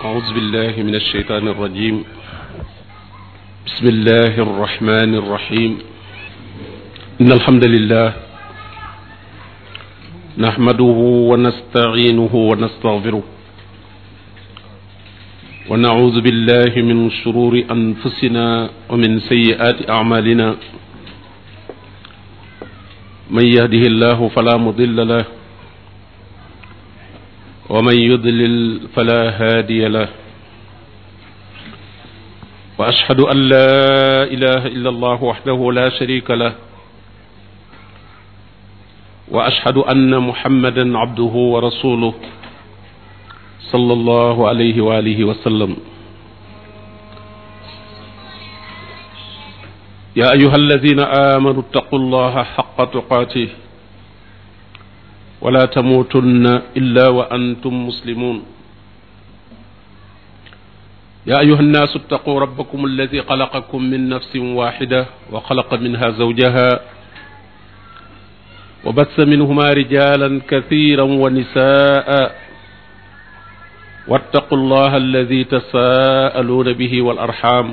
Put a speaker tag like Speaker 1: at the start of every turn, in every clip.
Speaker 1: أعوذ بالله من الشيطان الرجيم بسم الله الرحمن الرحيم إن الحمد لله نحمده ونستعينه ونستغفره ونعوذ بالله من شرور أنفسنا ومن سيئات أعمالنا من يهده الله فلا مضل له ومن يضلل فلا هادي له واشهد ان لا اله الا الله وحده لا شريك له واشهد ان محمدا عبده ورسوله صلى الله عليه واله وسلم يا ايها الذين امنوا اتقوا الله حق تقاته wala tamuutunna illa wa antum muslimun yaa ayuha annaasu ittaquu rabbakum alladi xalaqakum min nafsin waxida wa xalaqa minha zawjaha wa bassa minhuma rijalan kathiran wa nisaa wattaqu allaha alladi tasaaluuna bihi wal arxam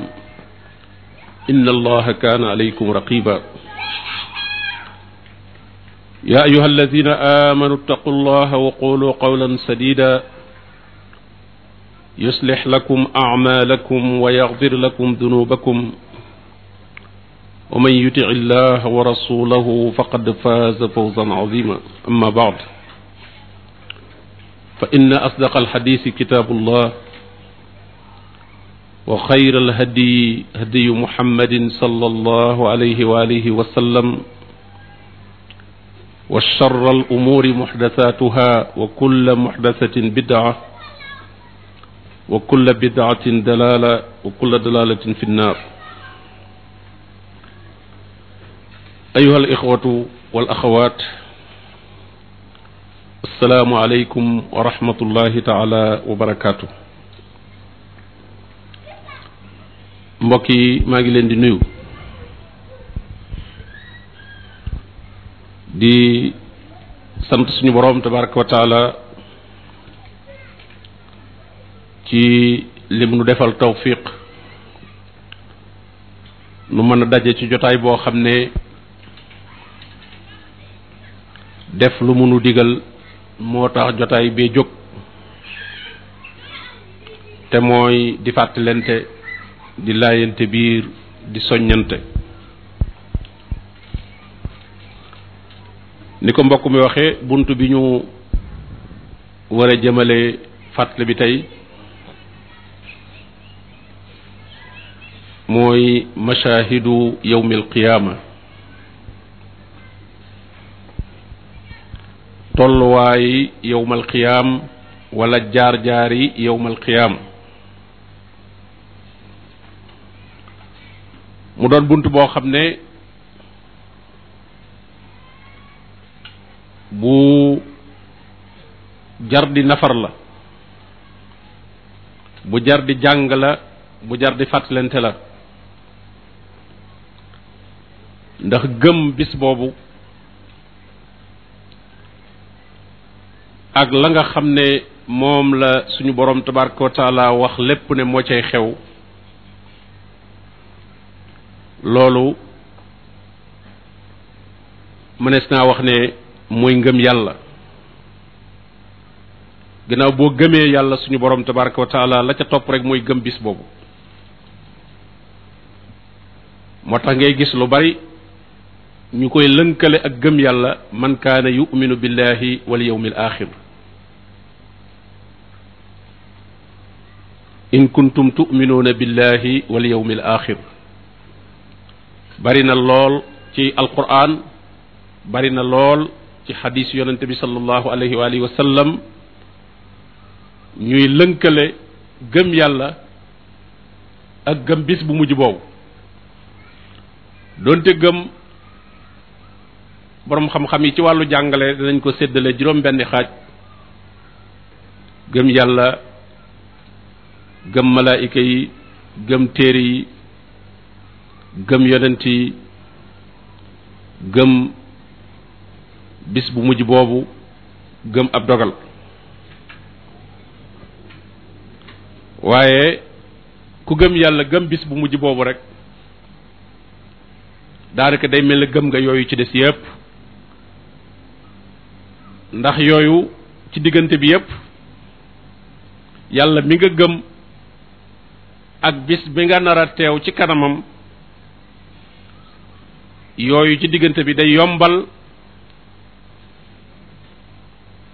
Speaker 1: inna allaha kaana alaykum raqiba يا أيها الذين آمنوا اتقوا الله وقولوا قولا سديدا يصلح لكم أعمالكم ويغفر لكم ذنوبكم ومن يطع الله ورسوله فقد فاز فوزا عظيما أما بعد فإن أصدق الحديث كتاب الله وخير الهدي هدي محمد صلى الله عليه وآله وسلم wa sharra al umuuri muxdasatuha wa kulla muxdasatin bidaa wa kulla bidaatin dalaala wa kulla dalaalatin fi nnaar ayuha al ixwatu wal axawaat assalaamu aleykum wa rahmatullahi taala wa barakaatu mbokk yi maa ngi leen di nuyu di sant suñu boroom tabaraka wa taala ci lim nu defal tawfiq nu mën a daje ci jotaay boo xam ne def lu munu digal moo tax jotaay bee jóg te mooy di fàttalente di laayante biir di soññante ni ko mbokk mi waxee bunt bi ñu war jëmale fàttali bi tey mooy mashaahidu yawmil qiyaama tolluwaay yawmal qiyaam walla jaar-jaari yawmal qiyaam mu doon bunt boo xam ne bu jar di nafar la bu jar di jàng la bu jar di fàttalante la ndax gëm bis boobu ak la nga xam ne moom la suñu borom tabaraka wa taala wax lépp ne moo cay xew loolu mënees naa wax ne mooy ngëm yàlla gannaaw boo gëmee yàlla suñu borom tabaraka wa taala la ca topp rek mooy gëm bis boobu moo tax ngay gis lu bari ñu koy lënkale ak gëm yàlla man kaana yuminu billahi wal yawmil axir in kuntum tuminuuna billahi wal yawmil axir bari na lool ci alquran bari na lool ci xadis yonente bi sallallahu alayhi wa alihi wa sallam ñuy lënkale gëm yàlla ak gëm bis bu mujj boobu doonte gëm boroom xam-xam yi ci wàllu jàngale danañ ko séddale juróom-benni xaaj gëm yàlla gëm malaayika yi gëm téere yi gëm yonent yi gëm bis bu mujj boobu gëm ab dogal waaye ku gëm yàlla gëm bis bu mujj boobu rek daanaka day mel na gëm nga yooyu ci des yépp ndax yooyu ci diggante bi yépp yàlla mi nga gëm ak bis bi nga nar a teew ci kanamam yooyu ci diggante bi day yombal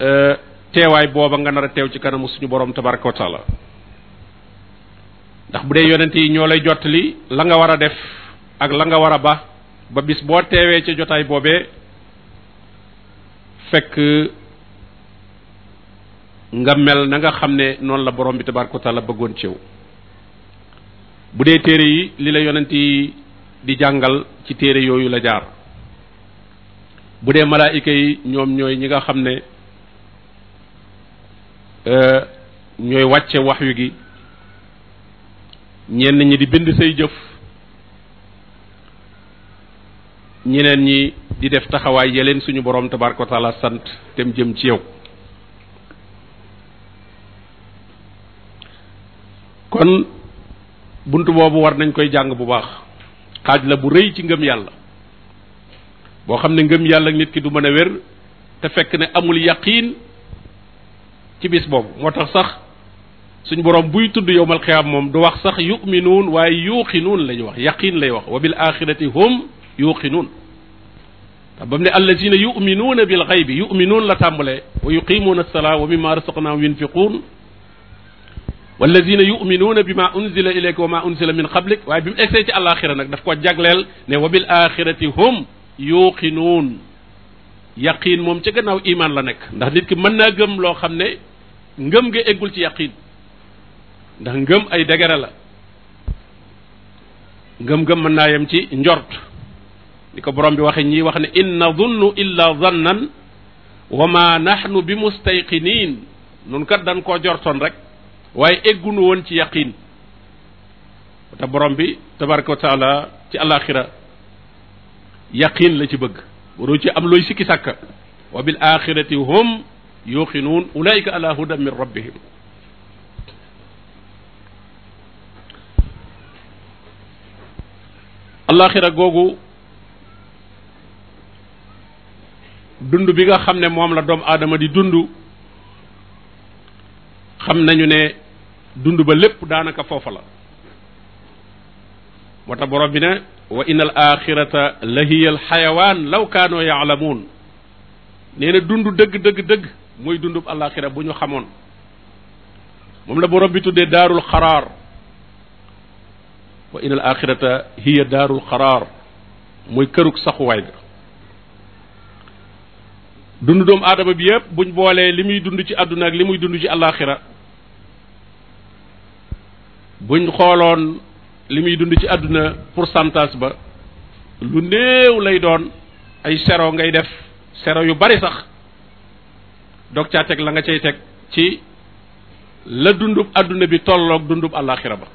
Speaker 1: Euh, teewaay booba nga nar a teew ci kanamu suñu borom tabaraka wa ndax bu dee yonent yi ñoo lay jottali la nga war a def ak la nga war a ba ba bis boo teewee ca jotaay boobee fekk nga mel na nga xam ne noonu la borom bi tabaraka la bëggoon ci bu dee téere yi li la yonent yi di jàngal ci téere yooyu la jaar bu dee malaayika yi ñoom ñooy ñi nga xam ne Euh, ñooy wàcce wax yu gi ñenn ñi di bind say jëf ñeneen ñi di def taxawaay yeleen suñu borom tabaraka wa taala sant tem jëm ci yow kon bunt boobu war nañ koy jàng bu baax xaaj la bu rëy ci ngëm yàlla boo xam ne ngëm yàlla nit ki du mën a wér te fekk ne amul yaqiin ci bis boobu moo tax sax suñ borom buy tudd yowmal xiyaam moom du wax sax yuminuun waaye yuuqinuun la ñu wax yaqiin lay wax wa bil axirati hum yuuqinuun tax ba mu ne allazina yuminuuna bil xaybi yuminuun la tàmbalee wa yuqimuuna alsalaa wa mimma rasaqnaahum yunfiquun wallazina yuminuuna bi ma unzila ilayka wa ma unzila min qablik waaye bi mu egsee ci àllaaxira nag daf ko jagleel ne wa bil hum yuuqinuun yaqiin moom ca gannaaw imaan la nekk ndax nit ki mën naa gëm loo xam ne ngëm nga eggul ci yaqin ndax ngëm ay degere la ngëm-ngëm mën naa yem ci njort li ko borom bi waxe ñi wax ne in nadunnu illa zannan wa ma nahnu bi mustayqinin nun kat dañ koo jortoon rek waaye eggunu woon ci yaqin te borom bi tabaraka wa taala ci alaxira yaqin la ci bëgg waroo ci am looy sikki sàkka wa bil axirati hum yuqinuun ulaika ala min rabbihim alaxira googu dund bi nga xam ne moom la doom aadama di dund xam nañu ne dund ba lépp daanaka foofa la moo tax borom bi ne wa inal axirata la hiya alxayawaan law kaanoo yaalamuun nee dund dëgg dëgg dëgg muy dundub àllaaxira bu ñu xamoon moom la borom bi tuddee daarul xaraar wa inal axirata hiya daarul xaraar muy kërug saxuwaay ga dund doomu aadama bi yépp buñ boolee li muy dund ci àdduna ak li muy dund ci àllaaxira buñ xooloon li muy dund ci àdduna pour santaas ba lu néew lay doon ay sero ngay def sero yu bari sax dog caa teg la nga cay teg ci la dundub adduna bi tollook dundub àllaaxira ba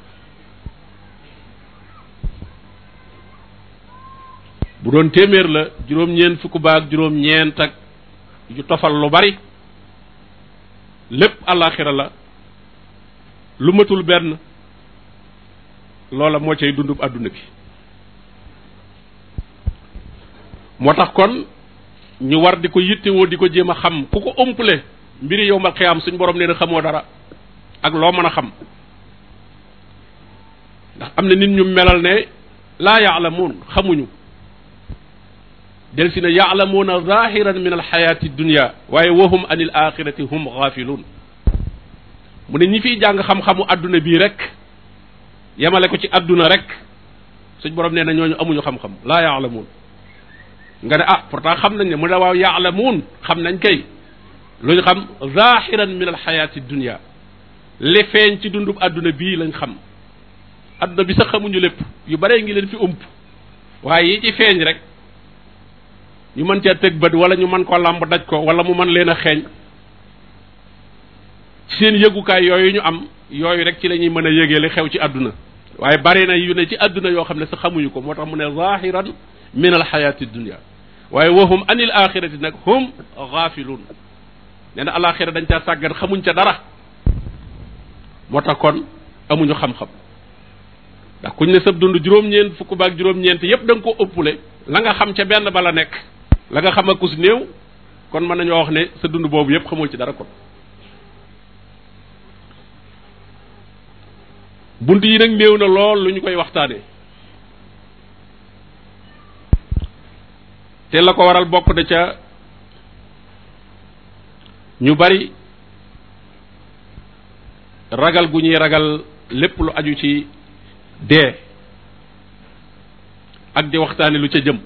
Speaker 1: bu doon téeméer la juróom-ñeent fukk baag juróom-ñeent ak yu tofal lu bari lépp àllaaxira la lu matul benn loola moo cay dundub àdduna bi moo tax kon ñu war di ko yittewoo di ko jéem a xam ku ko ëmpale mbiri yow mal xiyaam suñ borom nee na xamoo dara ak loo mën a xam ndax am na nit ñu melal ne laa yaalamuun xamuñu del si ne yaalamuuna zahiran min alxayaati dunia waaye wahum an il axirati hum gaafiluun mu ne ñi fiy jàng xam-xamu adduna bii rek yemale ko ci àdduna rek suñ borom nee na ñooñu amuñu xam-xam laa yaalamuun nga ne ah pour pourtant xam nañ ne mu ne waaw yaalamuun xam nañ kay lu ñu xam zahiran min alxayaati dunia li feeñ ci dundub àdduna bii lañ xam àdduna bi sax xamuñu lépp yu bare ngi leen fi ump waaye yi ci feeñ rek ñu mën cee teg bët wala ñu mën koo làmb daj ko wala mu man leen a xeeñ seen yëgukaay yooyu ñu am yooyu rek ci la ñuy mën a yëgee li xew ci àdduna waaye bare na yu ne ci adduna yoo xam ne sax xamuñu ko moo tax mu ne zahiran min alxayaati dunia waaye wahum anil axirati nag hum gaafiluun nee na dañ caa sàggan xamuñ ca dara moo tax kon amuñu xam-xam ndax kuñ ne sab dund juróom-ñeent fukk baak juróom-ñeent yépp da nga ko ëppule la nga xam ca benn ba nekk la nga xam ak kus néew kon mën nañoo wax ne sa dund boobu yépp xamoo ci dara kon bunt yi nag néew na lool lu ñu koy waxtaanee te la ko waral bokk na ca ñu bari ragal gu ñuy ragal lépp lu aju ci dee ak di waxtaane lu ca jëm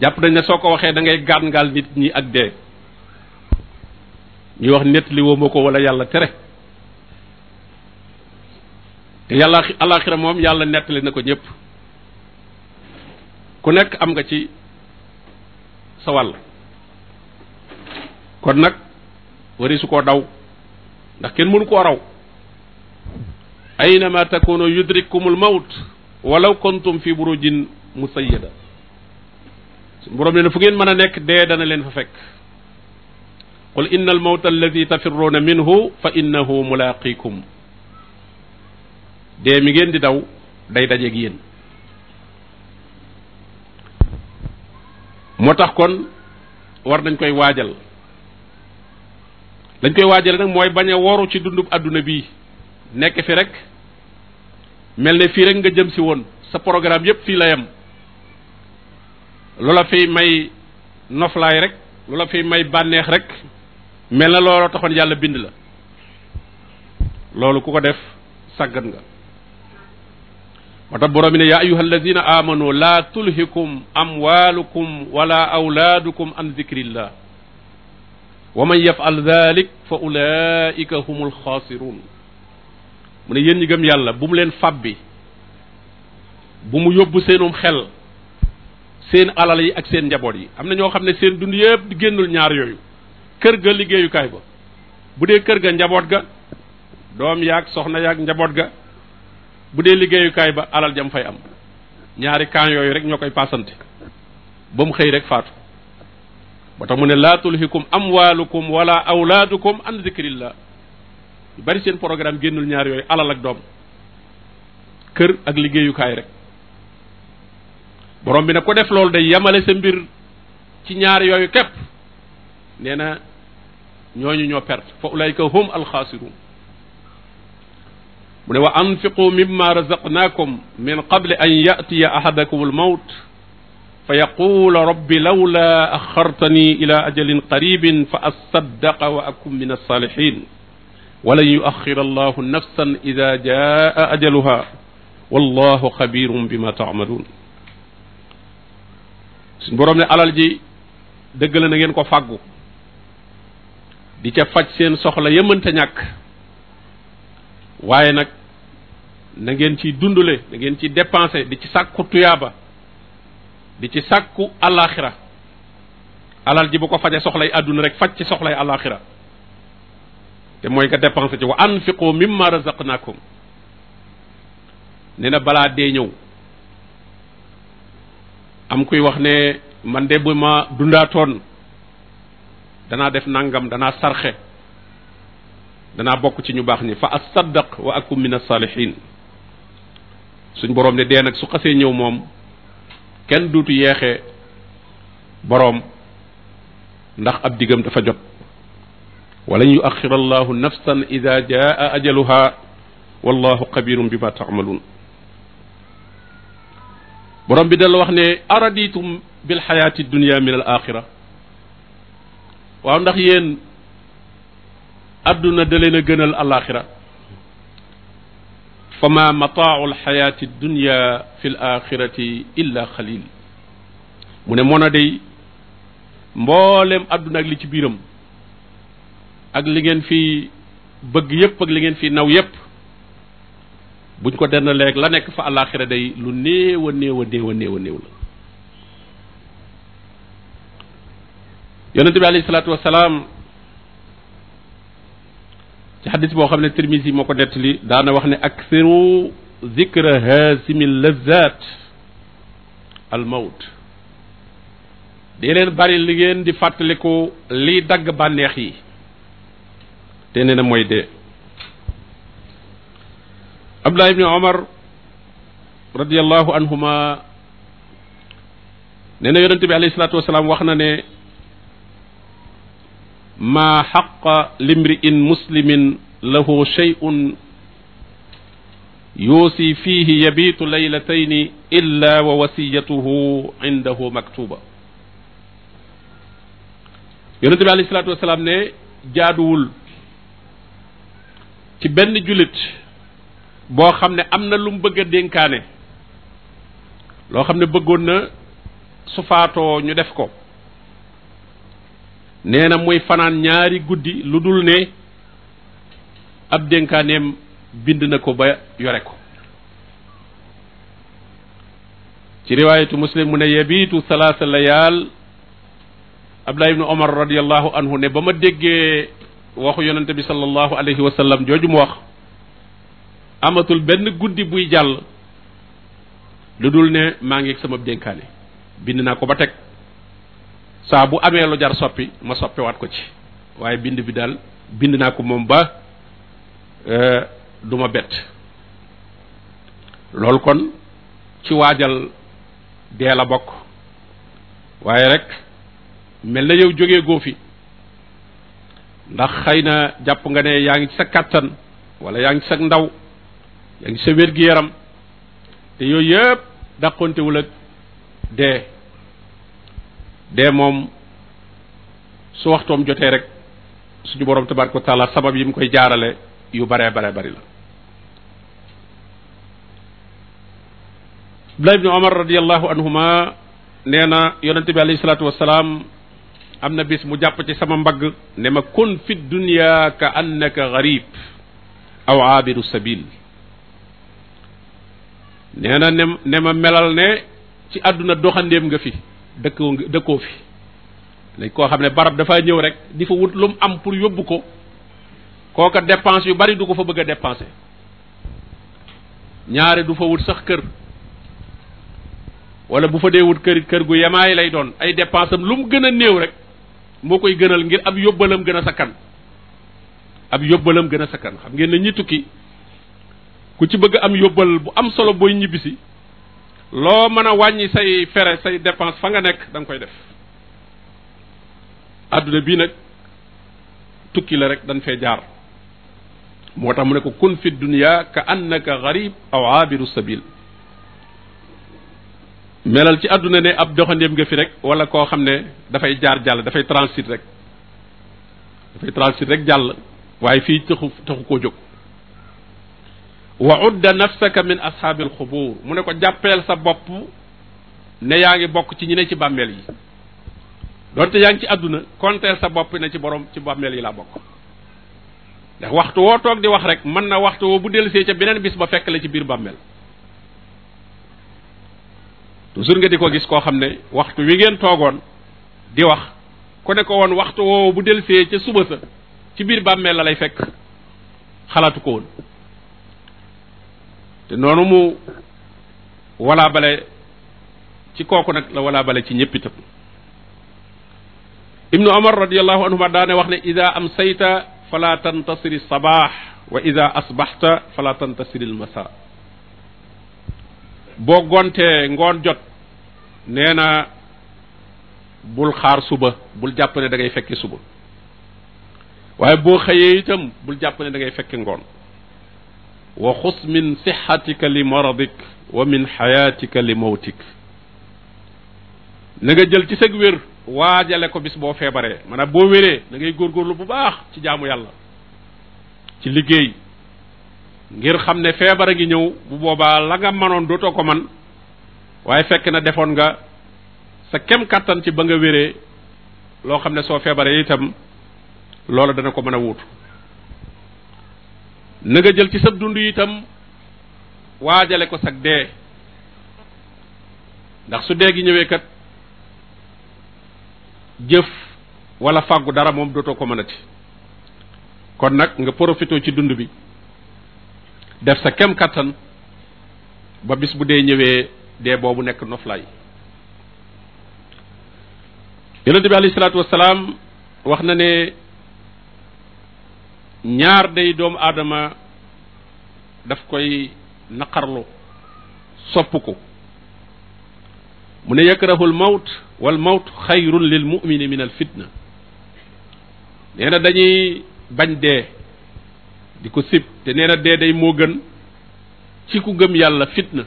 Speaker 1: jàpp nañ ne soo ko waxee dangay ngay gàngaal nit ñi ak dee ñuy wax nett li ko wala yàlla tere te yàlla alaxira moom yàlla nettali na ko ñëpp ku nekk am nga ci sa kon nag wari su koo daw ndax kenn mënu koo raw aynama takunu yudrikkumul mawt walaw kuntum fi burujin musayyada suñu boroom ne na fu ngeen mën a nekk dee dana leen fa fekk qul inna al mawta alladi tafirruuna minhu fa innahu mulaaqikum dee mi ngeen di daw day dajeeg yéen moo tax kon war nañ koy waajal lañ koy waajale nag mooy bañ a woru ci dundub àdduna bi nekk fi rek mel ne fii rek nga jëm si woon sa programme yépp fii la yem loola fiy may noflaay rek loola fi may bànneex rek mel na looloo taxoon yàlla bind la loolu ku ko def sàggat nga moo tax borom ne yaa ayuha alladina amanu laa tulhikum amwalukum wala awlaadukum an dicrillah wa man yafal dalik fa ulaika hum alxaasirun mu ne yéen gëm yàlla bu mu leen fàbbi bu mu yóbbu seenum xel seen alal yi ak seen njaboot yi am na ñoo xam ne seen dund yëpp génnul ñaar yooyu kër ga liggéeyukaay ba bu dee kër ga njaboot ga doom yaag soxna yaag njaboot ga bu dee liggéeyukaay ba alal jam fay am ñaari camp yooyu rek ñoo koy paasante ba mu xëy rek faatu ba tax mu ne laa tulhikum amwaalukum wala awlaadukum an zikrillah yu bari seen programme génnul ñaar yooyu alal ak doom kër ak liggéeyukaay rek borom bi ne ko def loolu day yamale sa mbir ci ñaar yooyu képp nee na ñoo ñu ñoo perte fa ulaayka hum alxaasiruun mu ne wa anfiqu mimma razaqnaakum min qabli an yatiya ahadakum almawt fa yaqula rabbi lawla axartani ila ajalin qaribin fa asaddaqa wa akun min alsalihin walan yuaxira allahu nafsan ida jaa ajaluha wallahu xabirun bima taamaluun suñ boroom ne alal ji dëgg la na ngeen ko fàggu di ca faj seen soxla yëmante ñàkk waaye nag na ngeen ciy dundule na ngeen ciy dépenser di ci sàkku tuyaaba di ci sàkku alaxira alal ji bu ko fajee soxlay àdduna rek faj ci soxlay alaxira te mooy nga dépenser ci wa anfiqu mimma razaqnakum nee nena balaa dee ñëw am kuy wax ne man de bu ma dundaatoon danaa def nangam danaa sarxe danaa bokk ci ñu baax ni fa asaddaq wa akum min asalihin suñ boroom ne dee nag su xasee ñëw moom kenn duutu yeexe boroom ndax ab diggam dafa jot walan yuaxir allahu nafsan ida jaa ajaluha wallahu xabirum bima taamaluun borom bi dal wax ne araditum bilxayaati dunia min al axira waaw ndax yéen adduna da a gënal alaxira fa ma mataau alxayaati dunya fi l illa xalil mu ne mona day mbooleem adduna ak li ci biiram ak li ngeen fi bëgg yépp ak li ngeen fi naw yépp buñ ko denn la nekk fa alaxira day lu néew a néew a néew a néew a néew la ci xadis boo xam ne Tirmisi moo ko nettali daana wax ne aksiru zikra haasimi lazat al mawt leen bari li ngeen di fàttaliku liy dagg bànneex yi te nee na mooy dee Abdullah ibni Omar radiallahu anhuma nee na yonente bi wax na ne maa xaqa limri'in muslimin lahu shay'un yuusi fiihi yabiitu laylatayni illa wa wasiyatuhu indahu maktuba yonente bi alayhi salaatu wasalaam ne jaaduwul ci benn jullit boo xam ne am na lu mu bëgg a dénkaane loo xam ne bëggoon na su faatoo ñu def ko nee na muy fanaan ñaari guddi lu dul ne ab dénkaaneem bind na ko ba yore ko ci riwaayatu muslim mu ne yebiitu salaasa layaal abdullah ibnu omar radiallahu anhu ne ba ma déggee waxu yonente bi salallahu alayhi wa jooju mu wax amatul benn guddi buy jàll lu dul ne maa ngi sama dénkaane bind naa ko ba teg saa bu amee lu jar soppi ma soppewaat ko ci waaye bind bi daal bind naa ko moom ba euh, du ma bett loolu kon ci waajal dee la bokk waaye rek mel na yow jóge goo fi ndax xëy na jàpp nga ne yaa ngi ci sa kàttan wala yaa ngi ci sa ndaw yaa ngi ci sa wér-gi-yaram te yooyu yëpp dàqontewul ak dee dee moom su waxtoom jotee rek suñu boroom tabaraka wa taala sabab yi mu koy jaarale yu baree bare bari la Abdullah ibni Omar radiallahu anhuma nee na yonente bi alayhi salaatu am na bis mu jàpp ci sama mbagg ne ma kun fi dunya ka annaka garib aw aabiru sabil nee na ne ma melal ne ci àdduna doxandeem nga fi dëkkoo ngi dëkkoo fi lañ koo xam ne barab dafaa ñëw rek di fa wut lu mu am pour yóbbu ko kooka dépense yu bari du ko fa bëgg a dépenser ñaare du fa wut sax kër wala bu fa dee wut kër kër gu yemaay lay doon ay dépense am lu mu gën a néew rek moo koy gënal ngir ab yóbbalam gën a sakkan ab yóbbalam gën a sakkan xam ngeen ne ñi tukki ku ci bëgg am yóbbal bu am solo booy ñibbisi loo mën a wàññi say fere say dépense fa nga nekk da koy def àdduna bii nag tukki la rek dañ fee jaar moo tax mu ne ko kun fi dunya ka annaka garib aw abiru sabil melal ci àdduna ne ab doxandéem nga fi rek wala koo xam ne dafay jaar jàll dafay transit rek dafay transit rek jàll waaye fii taxu taxu koo jóg wa udda nafsaka min ashaabil xubur mu ne ko jàppeel sa bopp ne yaa ngi bokk ci ñi ne ci bàmmeel yi doonte yaa ngi ci àdduna konteel sa bopp ne ci boroom ci bàmmeel yi laa bokk ndax waxtu woo toog di wax rek mën na waxtu woo bu dellusee ca beneen bis ba fekk la ci biir bàmmeel toujours nga di ko gis koo xam ne waxtu wi ngeen toogoon di wax ku ne ko woon waxtu woo bu dellusee ca suba sa ci biir bàmmeel la lay fekk xalaatu ko woon te noonu mu walaa ci kooku nag la walaa ci ñépp itam ibnu omar radiallahu anhuma daane wax ne ida amsayta fala tantasiri sabaax wa ida asbaxta fala tantasiri almasa boo gontee ngoon jot nee na bul xaar suba bul jàpp ne da fekke suba waaye boo xëyee itam bul jàpp ne da ngay fekke ngoon wa xus min sixatika li maradik wa min xayaatika li mawtik na nga jël ci sag wér waajale ko bis boo feebaree maanaam boo wéree da ngay góorgóorlu bu baax ci jaamu yàlla ci liggéey ngir xam ne feebar a ngi ñëw bu boobaa la nga mënoon dootoo ko man waaye fekk na defoon nga sa kem kàttan ci ba nga wéree loo xam ne soo feebaree itam loola dana ko mën a wuutu na nga jël ci sab dund itam waajale ko sag dee ndax su dee gi ñëwee kat jëf wala fàggu dara moom dootoo ko mënati kon nag nga profité ci dund bi def sa kem kattan ba bis bu dee ñëwee dee boobu nekk noflaay yonente bi alayhi salaatu wasalaam wax na ne ñaar day doomu aadama daf koy naqarlo sopp ko mu ne yakrahu l mawt wal mawt xayrun lil mumini min fitna nee dañuy bañ dee di ko sib te nee dee day moo gën ci ku gëm yàlla fitna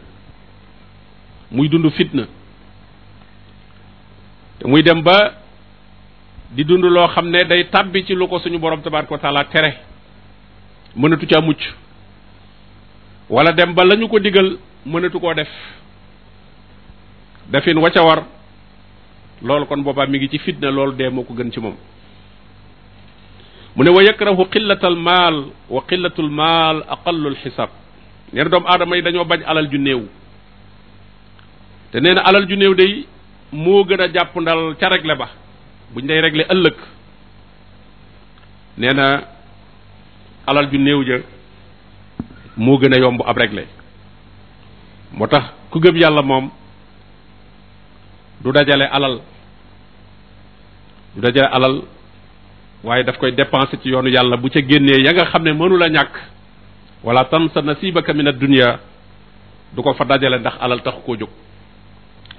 Speaker 1: muy dund fitna te muy dem ba di dund loo xam ne day tàbbi ci lu ko suñu borom tabaraka wa taala tere mënatu ca mucc wala dem ba lañu ko digal mënatu koo def dafin wa ca war loolu kon boobaam mi ngi ci fitna loolu de moo ko gën ci moom mu ne wa yakrahu qillatal maal wa qillatul maal aqallul xisaab nee doomu aadama yi dañoo bañ alal ju néew te nee na alal ju néew day moo gën a jàpp ndal ca regle ba buñ day régler ëllëg nee na alal ju néew ja moo gën a yomb ab regle moo tax ku gëm yàlla moom du dajale alal du dajale alal waaye daf koy dépenser ci yoonu yàlla bu ca génnee ya nga xam ne mënula ñàkk wala tansa nasibaka min ad-dunya du ko fa dajale ndax alal taxu koo jóg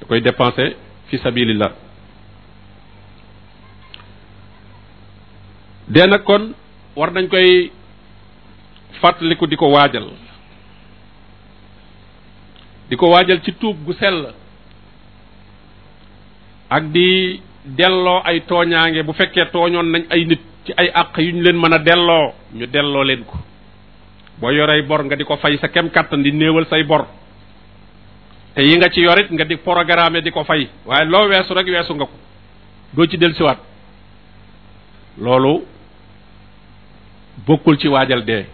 Speaker 1: da koy dépenser fi sabilillah dee nag kon war nañ koy fàttaliku di ko waajal di ko waajal ci tuub gu sell ak di delloo ay tooñaange bu fekkee tooñoon nañ ay nit ci ay àq yu ñu leen mën a delloo ñu delloo leen ko boo yoree bor nga di ko fay sa kem kàttan di néewal say bor te yi nga ci yorit nga di programme di ko fay waaye loo weesu rek weesu nga ko doo ci dellusiwaat loolu bokkul ci waajal dee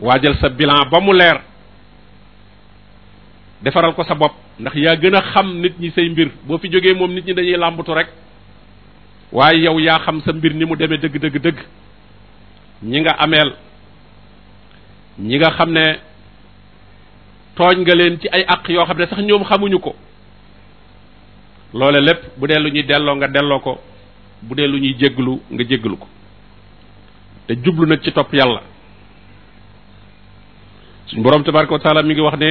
Speaker 1: waajal sa bilan ba mu leer defaral ko sa bopp ndax yaa gën a xam nit ñi say mbir boo fi jógee moom nit ñi dañuy làmbatu rek waaye yow yaa xam sa mbir ni mu demee dëgg dëgg dëgg ñi nga ameel ñi nga xam ne tooñ nga leen ci ay àq yoo xam ne sax ñoom xamuñu ko loole lépp bu dee lu ñuy delloo nga delloo ko bu dee lu ñuy jégglu nga jégglu ko jublu nag ci topp yàlla suñ boroom tabaraka wa taala ngi wax ne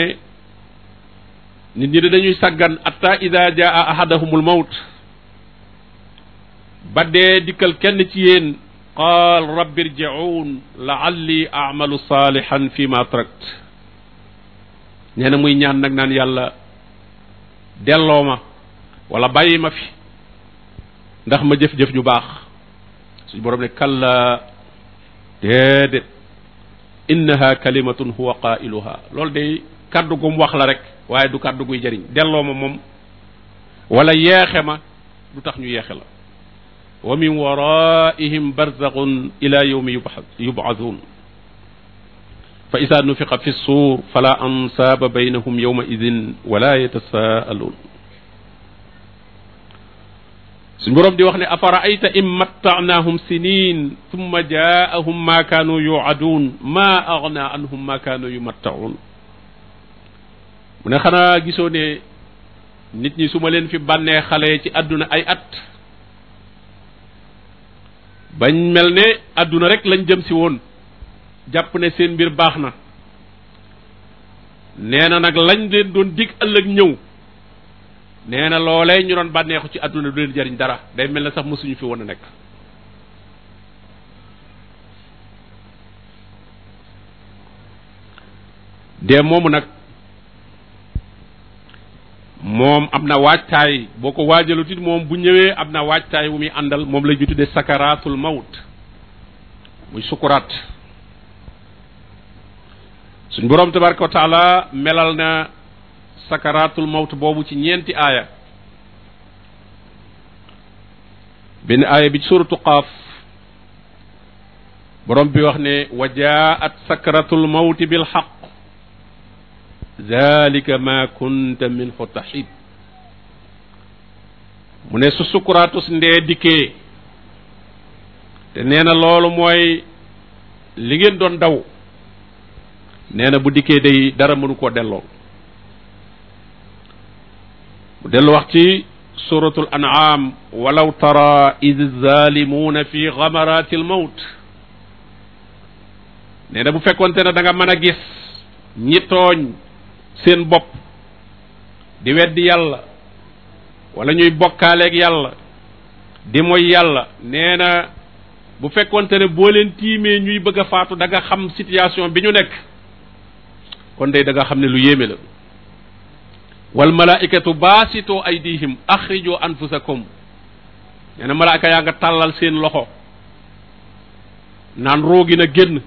Speaker 1: nit ñi de dañuy sàggan atta ida jaa ahadahumul mawt ba dee dikkal kenn ci yéen qaal rabbi irjiun laalli amalu saalihan fi ma tarakt muy ñaan nag naan yàlla delloo ma wala bàyyi ma fi ndax ma jëf-jëf ñu baax suñ boroom kalla déedéet innaha kalimatun huwa qailuha loolu day kaddu gum wax la rek waaye du kaddu guy jariñ delloo ma moom wala yeexe ma du tax ñu yeexe la wa min waraihim barzaxun ila yawmi yubas yubaasuun fa isa nufiqa fi suur fala ansaaba baynahum yawma idin wala yatasaaluun suñ boroom di wax ni afara ayta in mattanaahum sinin summa jaahum ma kaanu yuadun ma agna anhum ma kaanu yumattaun mu ne xanaa gisoo ne nit ñi su ma leen fi bànnee xale ci àdduna ay at bañ mel ne àdduna rek lañ jëm si woon jàpp ne seen mbir baax na nee na nag lañ leen doon dikk ëllëg ñëw nee na loolee ñu doon bànneexu ci àdduna du leen jariñ dara day mel na sax mësuñu fi woon a nekk moomu nag moom am na waajtaay boo ko waajalut it moom bu ñëwee am na waajtaay wu muy àndal moom la ñu tuddee sakaraatul mawt muy sukuraat suñ boroom tabaraka wa taala melal na sakaraatul mawt boobu ci ñeenti aaya benn aaya bi ci suratu qaaf borom bi wax ne wa jaat sakratul mawti bil xaq zalika ma kunta minhu taxid mu ne su sukuraatus ndee dikkee te nee na loolu mooy li ngeen doon daw nee na bu dikkee day dara mënu koo delloo mu dellu wax ci suratul an'am walaw tara id zaalimuuna fi xamarati l mawt nee na bu fekkoonte ne danga mën a gis ñi tooñ seen bopp di weddi yàlla wala ñuy bokkaaleeg yàlla di mooy yàlla nee na bu fekkoonte ne boo leen tiimee ñuy bëgg a faatu da nga xam situation bi ñu nekk kon day da xam ne lu yéeme la wal malaikatu baasitoo aydihim axrijoo anfusakum nee na malaaka yaa nga tàllal seen loxo naan roogi na génn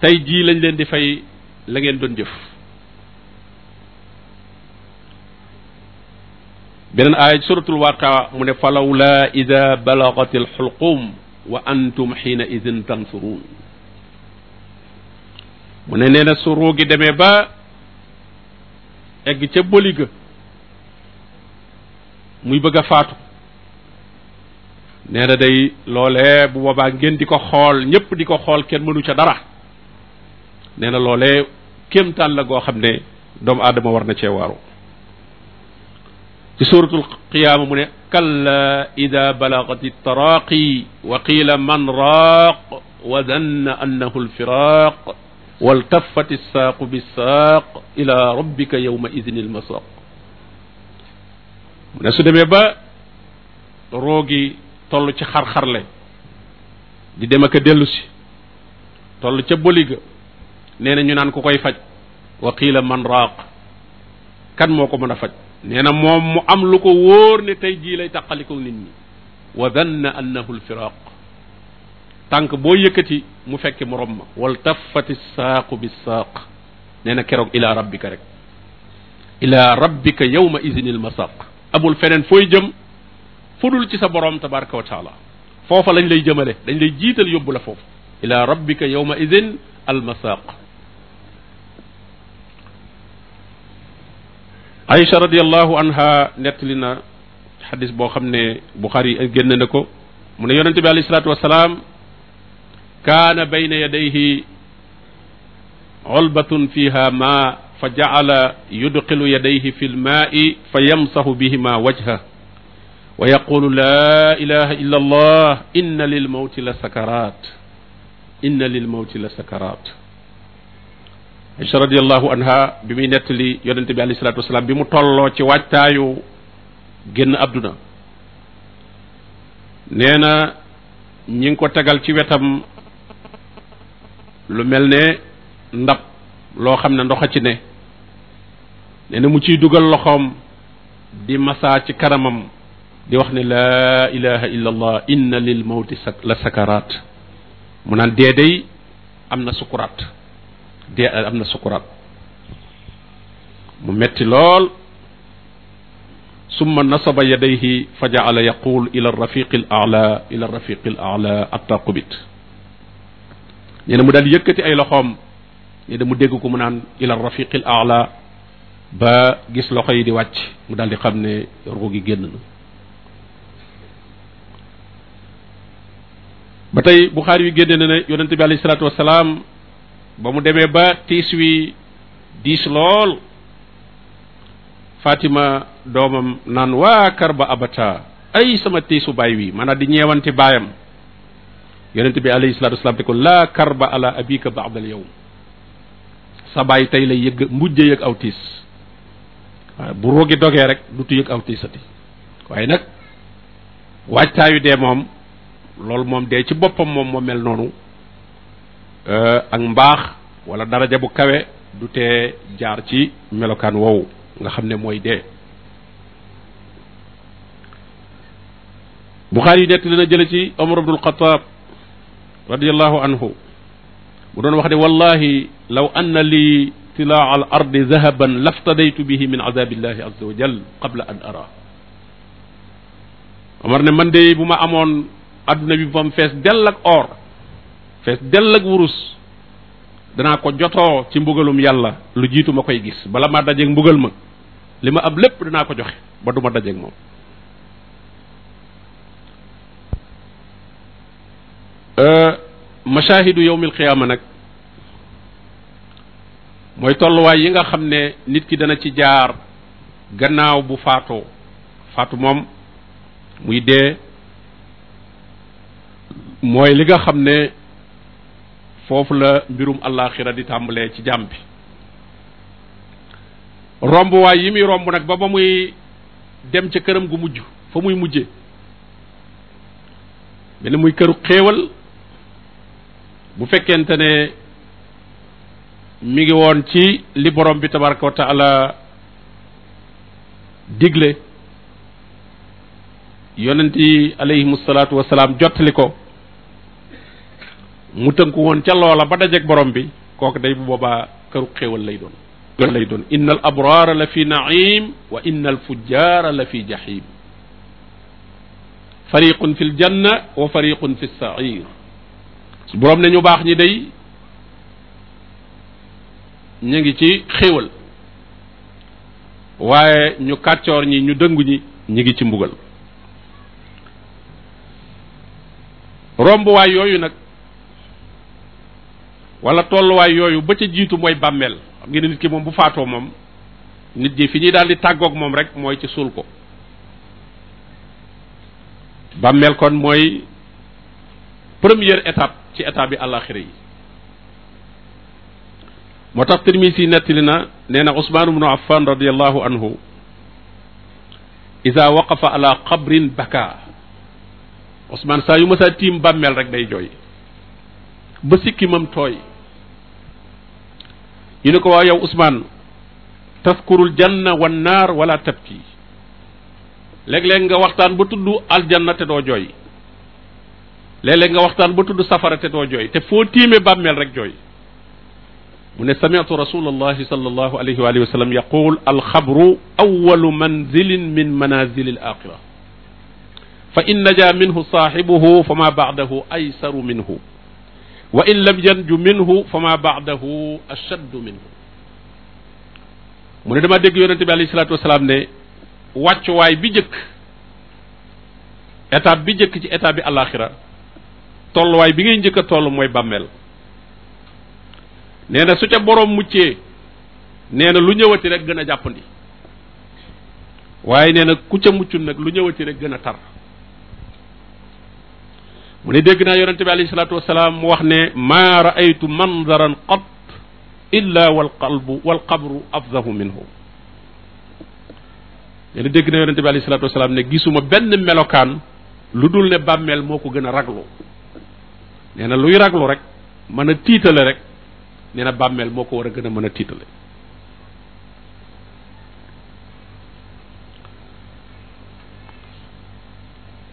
Speaker 1: tey jii lañ leen di fay la ngeen doon jëf beneen aaya suratul waaqa mu ne falawla ida balagati alxulqum wa antum xiina idin tansuruun mu ne nee na su roogi demee ba egg ca bëli muy bëgg a faatu nee na day loole bu boobaa ngeen di ko xool ñépp di ko xool kenn mënu ca dara nee na loolee kéemtaan la goo xam ne doomu aadama war na cee waaru ci suuratul qiyaama mu ne kalla ida balagati taraaqi wa qiila man raaq wa danna annahu alfiraaq wal waltaffati saaqu bisaaq ila rabbika yawma idin ilmasaq mu ne su demee ba roogi toll ci xar-xarle di dem ak dellusi dellu toll ca boliga nee na ñu naan ku koy faj wa qiila man raaq kan moo ko mën a faj nee na moom mu am lu ko wóor ne tey jii lay tàqalikoo nit ñi wa danna annahu lfiraaq tànk boo yëkkati mu fekki morom ma wal taffati saaqu bi saaq nee na keroog ila rabbika rek ila rabbika yawma isinil masaq amul feneen fooy jëm fudul ci sa borom tabaraka wa taala foofa lañ lay jëmale dañ lay jiital yóbbu la foofu ila rabbika yawma idin al masaq Aïcha radiallahu anha nettali na xadis boo xam ne Buxaari génn na ko mu ne yonente bi alayhi kaana bayna yadayhi olbatun fiha ma fa jacala yudxilu yadayhi fi lmaai fa yamsaxu bihima wajha wa yaqulu la ilaha illa allah inna lilmawti la sakarat inna lilmawti la sakarat Aïcha radiallahu anha bi muy nettali yonente bi alayhi salatu wasalaam bi mu tolloo ci waajtaayu génn àdduna nee na ñi ngi ko tegal ci wetam lu mel ne ndab loo xam ne ndox a ci ne nee na mu ciy dugal loxoom di masaa ci kanamam di wax ne la ilaha illa allah inna lil mawti la sakaraat mu naan dee am na sukuraat dee am na sukuraat mu metti lool summa nasaba yadayhi fa jaala yaqul ila rafiqi al ala ila rafiqi al ala atta qubit nee na mu daal yëkkati ay loxoom nee mu dégg ko mu naan ila rafiqil aala ba gis loxo yi di wàcc mu daal di xam ne ruu gi génn na ba tey buxaari yu génne na ne yonente bi alayhi wasalaam ba mu demee ba tiis wi diis lool Fatima doomam naan waa Karba abata ay sama tiisu baay wi maanaam di ñeewante baayam yonente bi alayhi salatu wasalaam ne ko laa karba ala abika baad al yawm sa baay tey lay yëg mujjee yëg aw tiis bu rogi dogee rek dutu yëg aw tiisati waaye nag waajtaayu dee moom loolu moom dee ci boppam moom moo mel noonu ak mbaax wala daraja bu kawe du tee jaar ci melokaan woowu nga xam ne mooy dee Buxaari yi nett dina jële ci Omar ibnul Xataab radiallahu anhu mu doon wax ne wallahi law anna li tilaa al ardi zahaban laftadaytu bihi min azabillahi azza wa jal qabla an ara Omar ne man de bu ma amoon adduna bi ba mu fees dell ak or fees dell ak wurus danaa ko jotoo ci mbugalum yàlla lu jiitu ma koy gis bala ma dajeeg mbugal ma li ma ab lépp danaa ko joxe ba du ma dajeeg moom Euh, mashaahidu yowmil qiyaama nag mooy tolluwaay yi nga xam ne nit ki dana ci jaar gannaaw bu faatoo faatu moom muy dee mooy li nga xam ne foofu la mbirum allaaxira di tàmbalee ci jàmm bi romb waay yi muy romb nag ba ba muy dem ca këram gu mujj fa muy mujje mel muy këru xéewal bu fekkente ne mi ngi woon ci li borom bi tabaraka wa taala digle yonent yi alayhimu salaatu wasalaam jottali ko mu tënku woon ca loola ba dajeeg borom bi kooku day bu boobaa këru xéewal lay doon lay doon inna al abraara la fi naim wa inna al fujjaara la fi jahim fariqun fi l janna wa fariqun fi sair su borom ne ñu baax ñi day ñu ngi ci xéewal waaye ñu kàccoor ñi ñu dëngu ñi ñu ngi ci mbugal rombuwaay yooyu nag wala tolluwaay yooyu ba ca jiitu mooy bàmmeel xam ngeen nit ki moom bu faatoo moom nit ñi fi ñuy daal di tàggoog moom rek mooy ci suul ko bàmmeel kon mooy première étape ci état bi àllaaxira yi moo tax Tirmisi nettali na nee na Usmaan ibnu Affan radiallahu anhu isa waqafa ala qabrin baka Usmaan saa yu ma saa tiim bàmmeel rek day jooy ba sikki mam tooy ñu ne ko waaw yow Usmaan taskurul janna wan naar wala tabki léeg-léeg nga waxtaan ba tudd aljanna te doo jooy léeg-léeg nga waxtaan ba tudd safara te doo jooy te foo tiime bàmmeel rek jooy mu ne sami'tu rasulallahi sallallahu alayhi wa alihi wa sallam yaqul alxabru awalu manzilin min manazili al aqira fa in naja minhu saaxibuhu fa ma ba'dahu aysaru minhu wa in lam yanju minhu fa ma ba'dahu ashaddu minhu mu ne dama dégg yonente bi alayhi salaatu wasalaam ne wàccuwaay bi jëkk étape bi jëkk ci étape bi alaxira tolluwaay bi ngay njëkk a toll mooy bàmmeel nee na su ca boroom muccee nee na lu ñëwati rek gën a jàppandi waaye nee na ku ca mucc nag lu ñëwati rek gën a tar mu ne dégg naa yonente bi alayhi salaatu wasalaam mu wax ne maa raaytu manzaran qat illa wal qalbu wal qabru afzahu minhu nee dégg naa yonente bi alayhi salaatu wasalaam ne gisuma benn melokaan lu dul ne bàmmeel moo ko gën a raglu nee na luy raglu rek mën a tiitale rek nee bàmmeel moo ko war a gën a mën a tiitale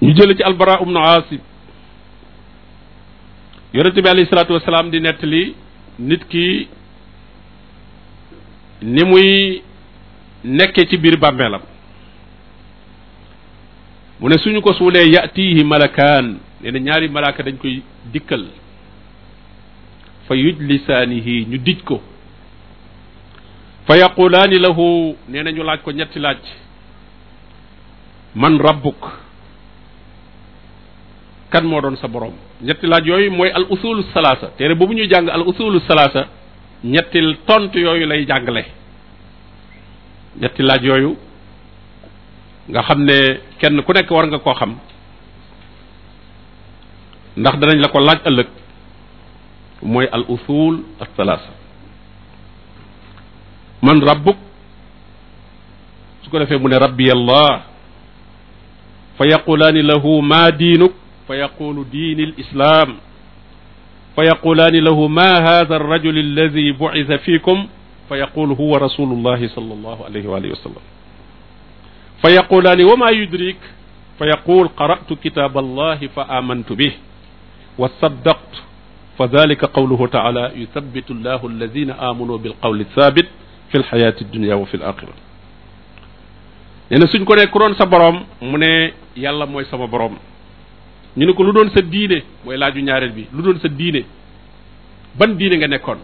Speaker 1: ñu jële ci albara ubnu asib yonente bi alayhi salaatu wasalaam di nettali nit ki ni muy nekke ci biir bàmmeelam mu ne suñu ko suulee yatihi malakaan nee ñaari malaaka dañ koy dikkal fa yujlisaanihi ñu dij ko fa yaqulaani lahu nee na ñu laaj ko ñetti laaj man rabbuk kan moo doon sa boroom ñetti laaj yooyu mooy al usulu salaasa téere boobu ñuy jàng al usulu salaasa ñetti tontu yooyu lay jàngale ñetti laaj yooyu nga xam ne kenn ku nekk war nga koo xam ndax danañ la ko laaj ëllëg mooy al usul al salaasa man rabbuk su ko defee mu ne rabbi allah fa yaqulaani lahu ma diinuk fa yaqulu diini l islaam fa yaqulaani lahu ma hada arrajul alladi bucisa fiikum fa yaqulu huwa rasulullahi sal allahu alayhi wa alihi wa sallam fa yaqulaani wa ma yudrik fa yaqul qara'tu kitab allahi fa amantu bih wa saddaqtu fa dalika qawluhu taala yuthabitu llahu alladina amanu bilqawli thabit fi lxayaati dunia wa fi na suñ ko ne sa boroom mu ne yàlla mooy sama boroom ñu ne ko lu doon sa diine mooy laaju ñaareel bi lu doon sa diine ban diine nga nekkoon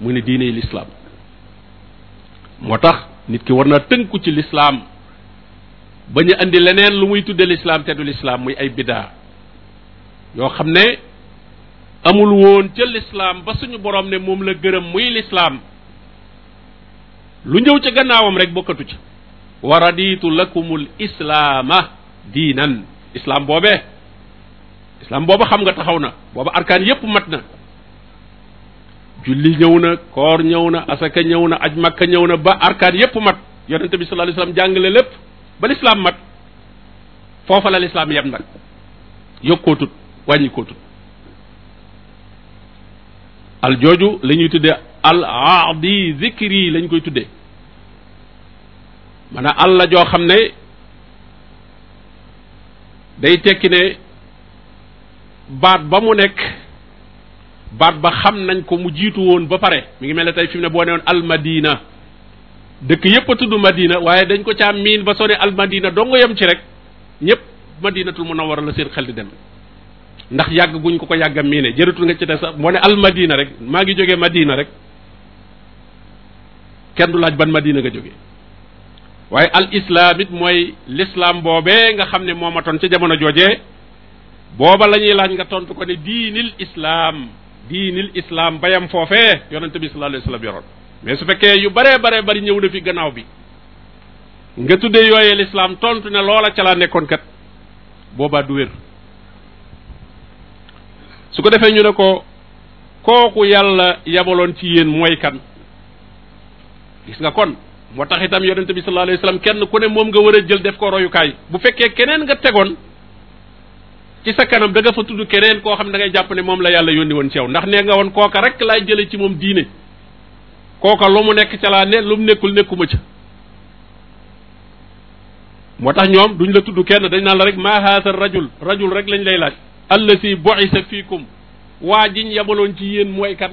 Speaker 1: mu ne diine lislaam moo tax nit ki war na tënku ci lislaam ba ñu andi leneen lu muy tudde lislaam te du lislaam muy ay bidaa yoo xam ne amul woon ca lislaam ba suñu borom ne moom la gërëm muy lislaam lu ñëw ca gannaawam rek bokkatu ci wa raditu lakumul islaama diinan islaam boobee islaam booba xam nga taxaw na booba arkaan yépp mat na julli ñëw na koor ñëw na asaka ñëw na aj makka ñëw na ba arkaan yépp mat yonente bi sallallahu alayhi wasallam jàngale lépp ba lislaam mat foofa la lislaam yem nag yokkootut wàññi kootul al jooju lañuy tudde tuddee al aadi zikri lañ koy tudde maanaam al la joo xam ne day tekki ne baat ba mu nekk baat ba xam nañ ko mu jiitu woon ba pare mu ngi mel ne tey fi mu ne boo ne woon al madina dëkk yépp a tudd madina waaye dañ ko caa miin ba sone al madina dong yem ci rek ñépp madinatul munawwara la seen xel di dem ndax yàgg guñ ko ko yàggam mii ne jëratul nga ci des sax moo ne al madina rek maa ngi jógee madina rek kenn du laaj ban madina nga jógee waaye al islam it mooy lislaam boobee nga xam ne moo ma ton ca jamono joojee booba lañuy laaj nga tontu ko ne diinil islam diinil islam bayam foofee yonente bi sallallahu alayhi wasallam yoroon mais su fekkee yu baree baree bari ñëw na fi gannaaw bi nga tuddee yooyee lislaam tontu ne loola ca laa nekkoon kat boobaa du wér su ko defee ñu ne ko kooku yàlla yabaloon ci yéen mooy kan gis nga kon moo tax itam yonente bi sallallahu alayhi wasallam kenn ku ne moom nga war a jël def ko bu fekkee keneen nga tegoon ci sa kanam da fa tudd keneen koo xam ne da ngay jàpp ne moom la yàlla yónni woon ci yow ndax nee nga woon kooka rek laay jële ci moom diine kooka lu mu nekk ca laa ne lu mu nekkul nekkuma ci moo tax ñoom duñ la tudd kenn dañ naan la rek ma rajul rajul rek lañ lay laaj allazi bu'isa fiikum waa jiñ yabaloon ci yéen mooy kan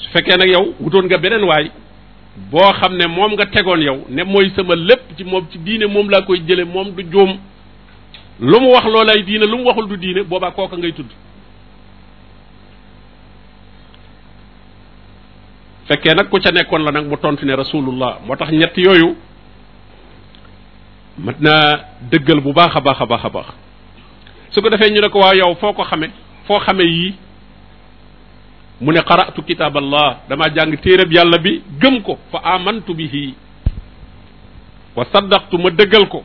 Speaker 1: su fekkee nag yow wutoon nga beneen waay boo xam ne moom nga tegoon yow ne mooy sama lépp ci moom ci diine moom laa koy jële moom du juum lu mu wax loolay diine lu mu waxul du diine boobaa kooka ngay tudd fekkee nag ku ca nekkoon la nag mu tontu ne rasulullah moo tax ñett yooyu mat naa dëggal bu baax a baax a baax a baax su ko defee ñu ne ko waaw yow foo ko xame foo xame yii mu ne qara'tu kitab allah damaa jàng téereb yàlla bi gëm ko fa amantu bihi wa saddaqtu ma dëggal ko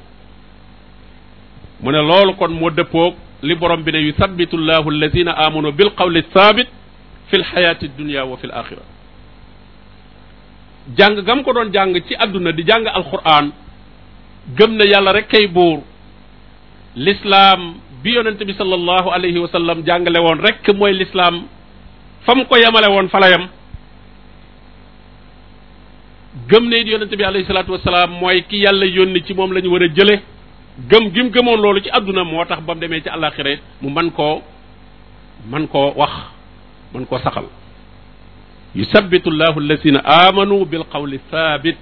Speaker 1: mu ne loolu kon moo dëppoog li borom bi ne yuthabitu llahu alladina amanu bil qawli thabit fi lxayati dunia wa jàng gam ko doon jàng ci àdduna di jàng alquran gëm na yàlla rek kay buur lislaam bi yonent bi sallallahu alayhi wa sallam jàngale woon rek mooy lislaam fa mu ko yemale woon fa la yem gëm ne it yonent bi alayhi salaatu wasalaam mooy ki yàlla yónni ci moom la ñu war a jële gëm gi mu gëmoon loolu ci àdduna moo tax ba mu demee ci àllaaxira mu man koo man koo wax man koo saxal yusabbitu llahu allazina amanu bil qawli thabit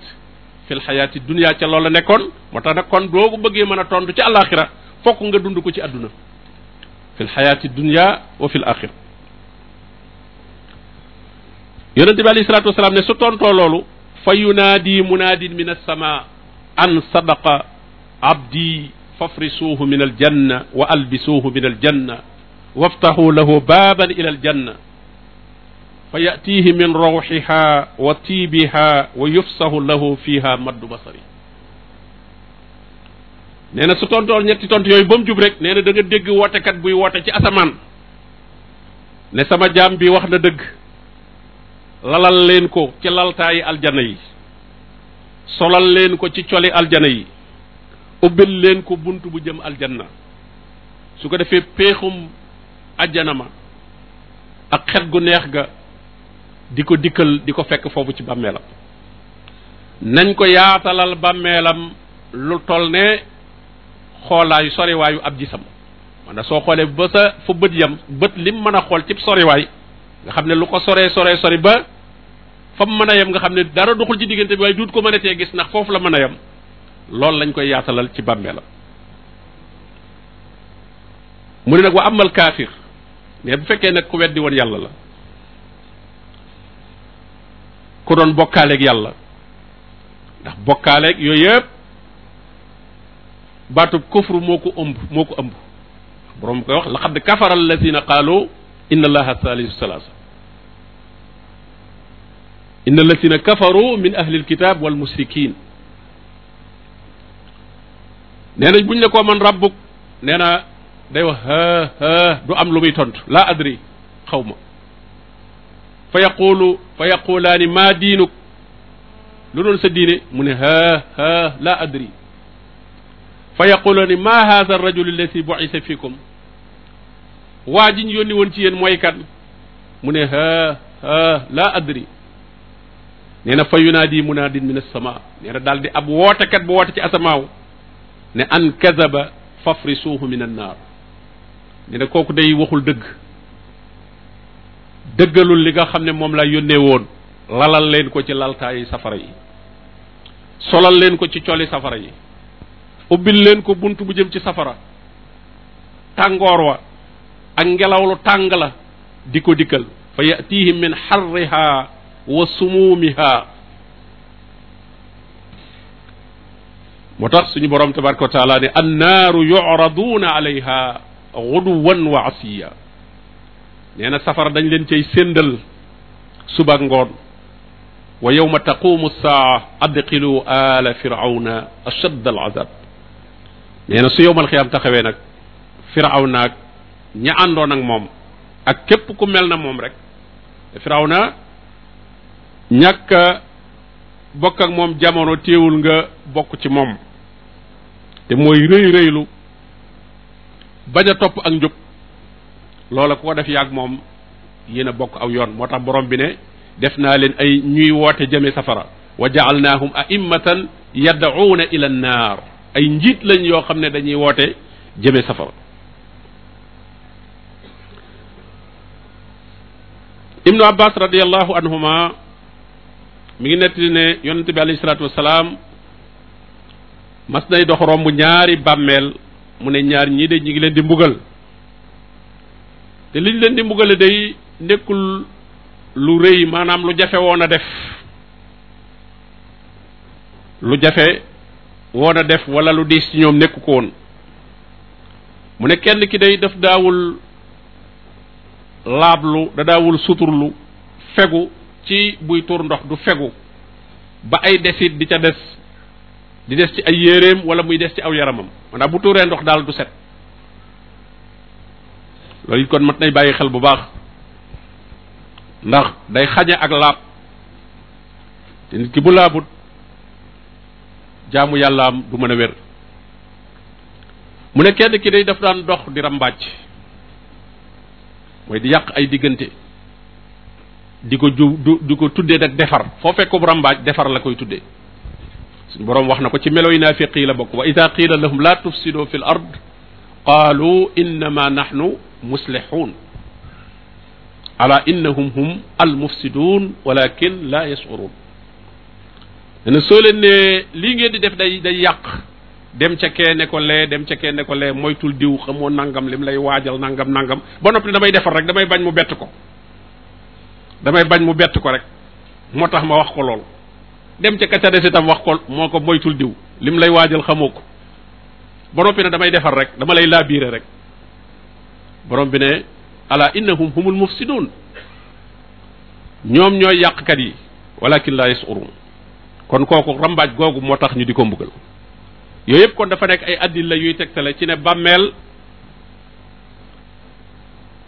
Speaker 1: fi lxayaati dunia ca loola nekkoon moo tax nag kon boo ko bëggee mën a tontu ci alaxira fokk nga dund ko ci àdduna fi lxayaati dunia wa fi l axira yonente bi alayhi salatu wasalaam ne su tontoo loolu fa yunaadi munaadin min alsama an sadaqa abdi fafrisuuhu min aljanna wa albisuuhu min aljanna waftaxu lahu baaban ila aljanna fa yatihi min rawxiha wa tiibiha wa yufsahu lahu fiha maddu basari nee na su tontool ñetti tont yooyu ba mu jub rek nee na danga dégg wootekat buy woote ci asamaan ne sama jaam bi wax na dëgg lalal leen ko ci laltaayi aljana yi solal leen ko ci coli aljana yi ubbil leen ko bunt bu jëm aljana su ko defee péexum ajjana ma ak xet gu neex ga di ko dikkal di ko fekk foofu ci bàmmeelam nañ ko yaatalal bàmmeelam lu toll ne xoolaayu soriwaayu ab gisam maanaam soo xoolee ba sa fa bët yam bët lim mën a xool cib soriwaay nga xam ne lu ko soree sore sori ba fa mu mën a yem nga xam ne dara doxul ci diggante bi waaye duut ko ma a tee gis ndax foofu la mën a yem loolu lañ koy yaatalal ci bàmmeelam mu ne nag wa amal kaafir mais bu fekkee nag ku weddi woon yàlla la ko doon bokkaaleeg yàlla ndax bokkaaleeg yooyu yëpp baatub kufru moo ko ëmb moo ko ëmb borom koy wax laqad kafara allazina qaalu inna allaha salisu salaasa inna allazina kafaru min ahli alkitab wal mushrikin nee na buñ ne koo man rabbuk nee na day wax ha ha du am lu la tontu laa adri xaw fa yaquulu fa yaqulaani maa diinuk lu doon sa diine mu ne haa haa laa adri fa yaqulaani maa haada arrajul alladi buisa fikum waa ji ñu yónni woon ci yéen mooy kan mu ne haa haa laa adri nee na fa yunaadi munaadin min assama nee na daal di ab wootekat bu woote ci asamaaw ne an kadaba fafrisuuhu min annaar nee na kooku day waxul dëgg dëggalul li nga xam ne moom laa yónnee woon lalal leen ko ci laltaayi safara yi solal leen ko ci coli safara yi ubbil leen ko bunt bu jëm ci safara tàngoor wa ak ngelaw lu tàng la di ko dikkal fa yatihim min xarriha wa sumuumiha moo tax suñu borom tabaraka wa taala ne annaaru yuraduna alayha guduwan wa asiya nee na safara dañ leen cay séndal subak ngoon wa yowma taqumu saa adxilu ala firawna ashadd al azab nee su yowmal xiyaam taxawee nag firawna ak ña àndoon ak moom ak képp ku mel na moom rek firawna ñàkk a moom jamono téewul nga bokk ci moom te mooy rëy rëylu bañ topp ak njub loola ku ko def yàgg moom yéen a bokk aw yoon moo tax boroom bi ne def naa leen ay ñuy woote jëme safara wa jaalnaahum a'immatan yad'uuna ila naar ay njiit lañ yoo xam ne dañuy woote jëme safara ibnu abbas radiallahu anhuma mi ngi nettali ne yonente bi alayhi salaatu wasalaam mas nay dox romb ñaari bàmmeel mu ne ñaar ñii de ñu ngi leen di mbugal te liñ leen di mbugale day nekkul lu rëy maanaam lu jafe woon a def lu jafe woon a def walla lu diis ci ñoom nekku ko woon mu ne kenn ki day daf daawul laablu da daawul suturlu fegu ci buy tuur ndox du fegu ba ay desit di ca des di des ci ay yéreem wala muy des ci aw yaramam maanaam bu tuuree ndox daal du set loolu it kon mat nay bàyyi xel bu baax ndax day xañe ak laab te nit ki bu laabut jaamu yàllaam du mën a wér mu ne kenn ki day daf daan dox di ràmbaaj mooy di yàq ay diggante di ko ju di ko tuddee nag defar foo fekk bu ràmbaaj defar la koy tuddee suñu boroom wax na ko ci melo yi naafiq yi la bokk wa ida qiila lahum la tufsidoo fi l ard qaalu innama nahnu muslixuun ala innahum hum al mufsiduun walakin la yashuruun nee na soo leen ne lii ngeen di def day day yàq dem ca kee ne ko lee dem ca kenn ko le moytul diw xamoo nangam lim lay waajal nangam nangam ba noppi damay defar rek damay bañ mu bett ko damay bañ mu bett ko rek moo tax ma wax ko lool dem ca kaca des itam wax ko moo ko moytul diw mu lay waajal xamoo ko ba noppi na damay defar rek dama lay laabiire rek borom bi ne ala innahum humul mufsidun ñoom ñooy yàqkat yi walakin la yasurun kon kooku rambaaj googu moo tax ñu di ko mbugal yooyu yëpp kon dafa nekk ay addil la yuy tegtale ci ne bàmmeel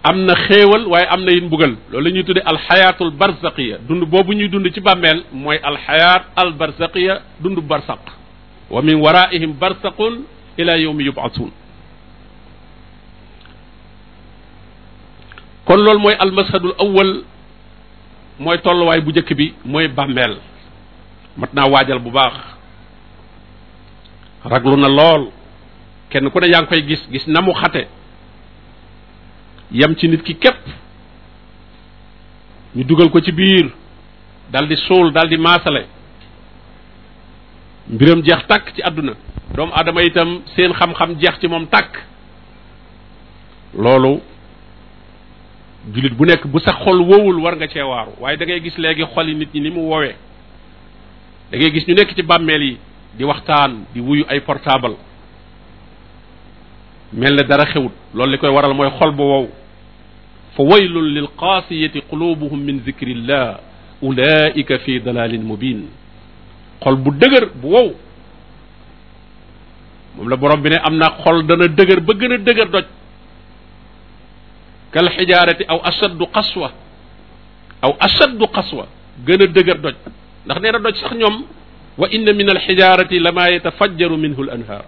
Speaker 1: am na xéewal waaye am na yit mbugal loolu la ñuy tuddee alxayaatul barzaqiya dund boobu ñuy dund ci bàmmeel mooy alxayaat albarzaqiya dund barsaq wa min waraihim barsaqun ila yawmi yub'asun kon loolu mooy almashadul awwal mooy tolluwaay bu njëkk bi mooy bàmmeel mat naa waajal bu baax raglu na lool kenn ku ne yaa ngi koy gis gis na mu xate yam ci nit ki képp ñu dugal ko ci biir daldi suul daldi maasale mbiram jeex tàkk ci àdduna doomu aadama itam seen xam-xam jeex ci moom tàkk loolu jullit bu nekk bu sax xol wowul war nga cee waaru waaye da ngay gis léegi xol yi nit ñi ni mu woowee dangay gis ñu nekk ci bàmmeel yi di waxtaan di wuyu ay portable mel na dara xewut loolu li koy waral mooy xol bu wow fa waylun lil qaasiyati qulubuhum min zikrillah ulaika fi dalalin mubin xol bu dëgër bu wow moom la boroom bi ne am na xol dana dëgër ba gën a dëgër doj kal xijaarati aw ashaddu qaswa aw ashaddu qaswa gën a dëgër doj ndax nee na doj sax ñoom wa inna min alxijaarati lama yatafajjaru minhu l anhaar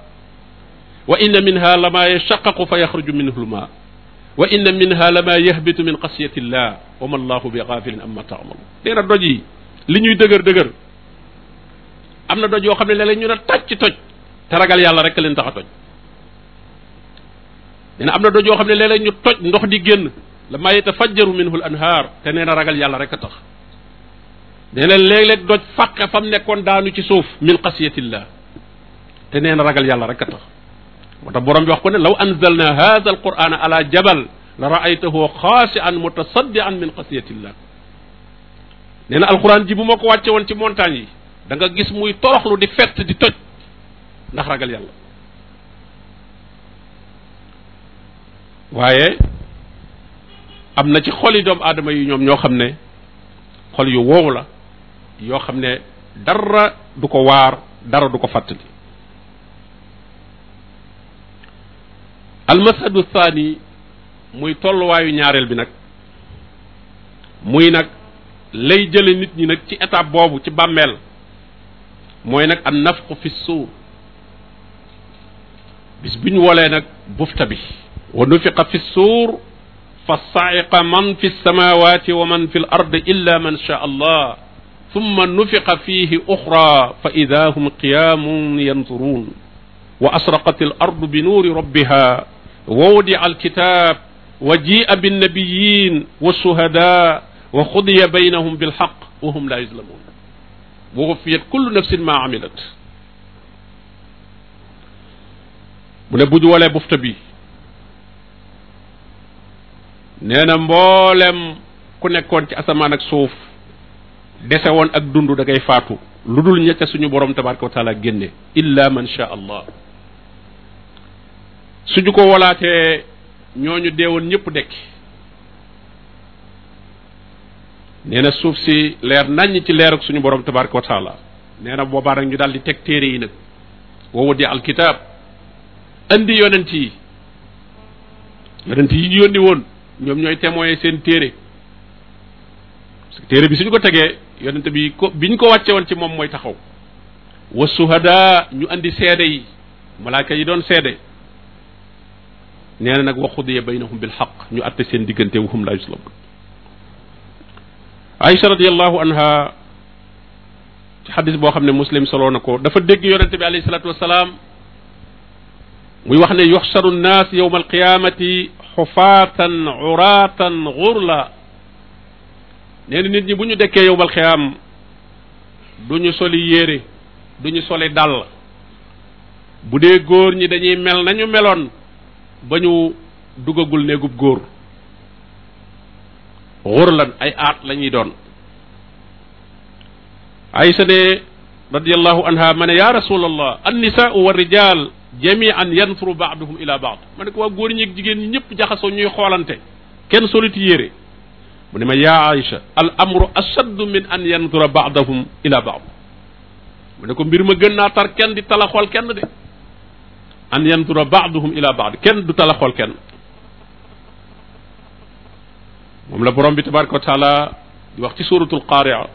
Speaker 1: wa inna minha lama yashaqaqu fa yaxruju minhu l maa wa inna minha lama yahbitu min xasiyati llah wa ma allahu bi gaafilin amma taamalu nee na doj yi li ñuy dëgër dëgër am na doj yoo xam ne léeg-léeg ñu ne toj ci toj te ragal yàlla rek leen tax a toj nee na am na doj yoo xam ne léeg-léeg ñu toj ndox di génn la ma yatafajjaru minhu al anhaar te nee ragal yàlla rek a tax nee na léeg doj fàq fa mu nekkoon daanu ci suuf min xasiyatillah te nee ragal yàlla rek a tax moo tax bi wax ko ne law anzalna hada al qurana ala jabal la raaytahu xaasian mutasaddian min xasiyatillah nee na alquran ji bu ma ko wàcce woon ci montagne yi danga gis muy toroxlu di fett di toj ndax ragal yàlla waaye am na ci xol yi doomu aadama yi ñoom ñoo xam ne xol yu woow la yoo xam ne dara du ko waar dara du ko fàttali almasadu thani muy tolluwaayu ñaareel bi nag muy nag lay jële nit ñi nag ci étape boobu ci bàmmeel mooy nag an nafxu fi suur bis bu ñu wolee nag bufta bi wa nufiqa fi suur fa saaiqa man fi lsamawati wa man fi l ard illa man shaa allah summa nufiqa fiihi oxra fa ida hum qiyaamun yanzuruun wa asraqat al ardu bi nuuri rabbiha wa wudia alkitab wa ji'a binnabiyin wa shuhada wa xudiya baynahum bilxaq wa hum la yuzlamuun wa wufiyat kullu nafsin ma amilat mu ne bu ñu walee bufta bi nee na mboolem ku nekkoon ci asamaan ak suuf dese woon ak dund da ngay faatu lu dul ñecca suñu borom tabaraka wa taala génne illa man sha allah suñu ko walaatee ñooñu deewoon ñëpp dekki nee na suuf si leer naññ ci leer suñu borom tabaraka wa taala nee na ñu daal di teg téere yi nag woowu di alkitaab andi yonent yi yonent yi ñu yónni woon ñoom ñooy témoin seen téere parce téere bi suñu ko tegee yonente bi ko biñ ko wàcce woon ci moom mooy taxaw wa suhada ñu indi seede yi malaaka yi doon seede nee na nag wa xudiya baynahum bil xaq ñu atte seen diggante wahum la yuslamun Aïcha radiallahu anha ci xadis boo xam ne muslim soloo na ko dafa dégg yonente bi alayhi salatu wasalaam muy wax ne yuxsaru nnaas yowma alqiyamati xufaatan uraatan xurla nee na nit ñi bu ñu dekkee yowmal xiyaam du ñu soli yére du ñu soli dàll bu dee góor ñi dañuy mel nañu meloon ba ñu dugagul néegub góor xurlan ay aat la doon aysa ne radiallahu anha ma ne ya rasulallah annisaau wa rijal jami'an yansuru ba'duhum ila ba'd ma ne ko waa góor ñeeg jigéen ñi ñëpp jaxasoo ñuy xoolante kenn soliti yére mu ne ma yaa Aïcha al amru ashaddu min an yansura ba'dahum ila ba'd mu ne ko mbir ma gën naa tar kenn di tala xool kenn de an yansura ba'duhum ila ba'd kenn du tala xool kenn moom la borom bi tabaraka wa taala di wax ci suratul qari'a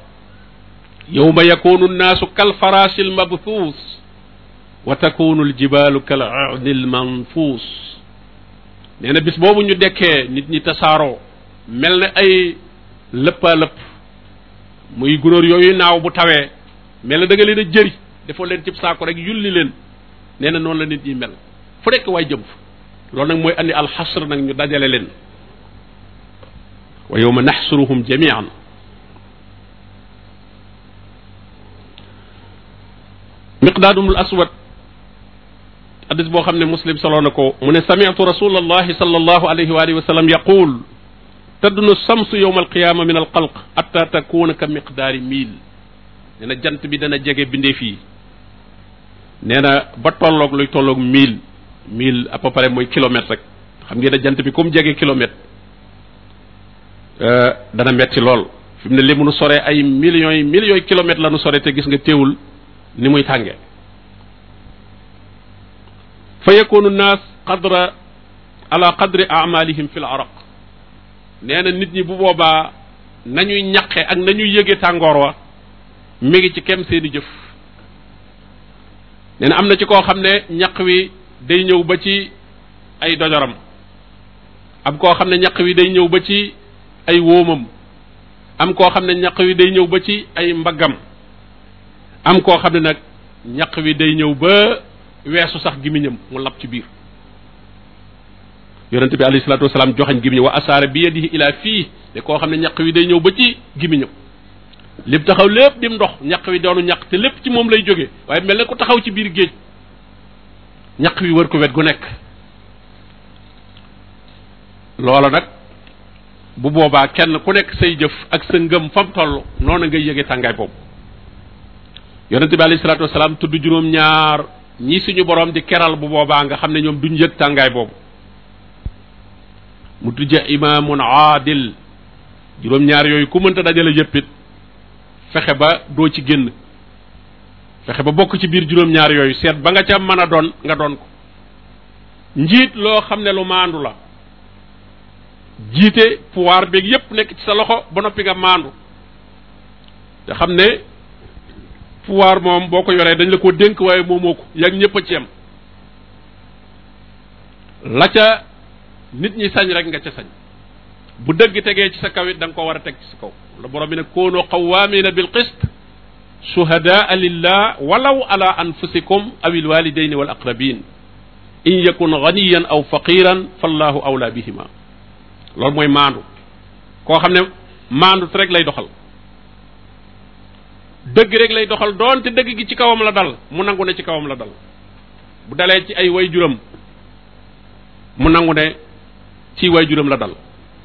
Speaker 1: yawma yakunu an-nasu kal farashil mabthus wa takunu aljibaalu kal ahdi almanfuus nee na bis boobu ñu dekkee nit ñi tasaaroo mel na ay lëppaa lëpp muy gunóor yooyu naaw bu tawee mel na da leen a jëri defoo leen cib saako rek li leen nee na noonu la nit ñi mel fu nekk waay jëm fa loolu nag mooy andi alxasr nag ñu dajale leen wa yowma naxsuruhum jamian miqdaadumul aswad hadis boo xam ne muslim solo na ko mu ne sami'tu rasulallahi sallallahu alayhi wa alihi wa sallam yaqul tadunu samsu yowma alqiyama min alxalq atta takuna ka miqdaari miil nee na jant bi dana jege bindeef yi nee na ba tolloog luy tolloog mille mille à peu mooy kilomètre rek xam ngeen ne jant bi comme jege kilomètre euh, dana metti lool fi mu ne li mu sore ay millions yi millions yi kilomètres la nu soree te gis nga teewul ni muy tànge fa yakunu naas qadra ala qadri amalihim fi l araq nee na nit ñi bu boobaa nañuy ñaqe ak nañuy yëge tàngoor wa mi ngi ci kem seeni jëf nee na am na ci koo xam ne ñaq wi day ñëw ba ci ay dojoram am koo xam ne ñaq wi day ñëw ba ci ay wóomam am koo xam ne ñaq wi day ñëw ba ci ay mbaggam am koo xam ne nag ñaq wi day ñëw ba weesu sax gimiñam mu lab ci biir yonente bi alayhi salatu wasalaam joxañ gimiñam wa asaara bi yadihi ila fii ne koo xam ne ñaq wi day ñëw ba ci gimiñam lim taxaw lépp dim ndox ñaq wi doonu ñaq te lépp ci moom lay jóge waaye mel na ku taxaw ci biir géej ñaq wi wër ko wet gu nekk loola nag bu boobaa kenn ku nekk say jëf ak sa ngëm fam toll noonu ngay yëge tàngaay boobu yonente bi alayhi salatu tudd juróom ñaar ñii suñu borom di keral bu boobaa nga xam ne ñoom duñ yëg tàngaay boobu mu tujja imaamun aadil juróom-ñaar yooyu ku mënta dajale yëppit fexe ba doo ci génn fexe ba bokk ci biir juróom-ñaar yooyu seet ba nga ca mën a doon nga doon ko njiit loo xam ne lu maandu la jiite pouvoir beeg yépp nekk ci sa loxo ba noppi nga maandu te xam ne pouvoir moom boo ko yoree dañ la koo dénk waaye moomoo ko yàgg ñëpp a ci am la ca nit ñi sañ rek nga ca sañ bu dëgg tegee ci sa kawit danga da nga ko war a teg ci sa kaw la borom bi ne koonu qawaamina bil qist shuhadaa lillah walaw ala anfusikum aw il walidaini wal aqrabin in yakun ganiyan aw faqiran fallahu awla bihima loolu mooy maandu koo xam ne maandu rek lay doxal dëgg rek lay doxal doonte dëgg gi ci kawam la dal mu nangu ne ci kawam la dal bu dalee ci ay waajuram mu nangu ne ci juróom la dal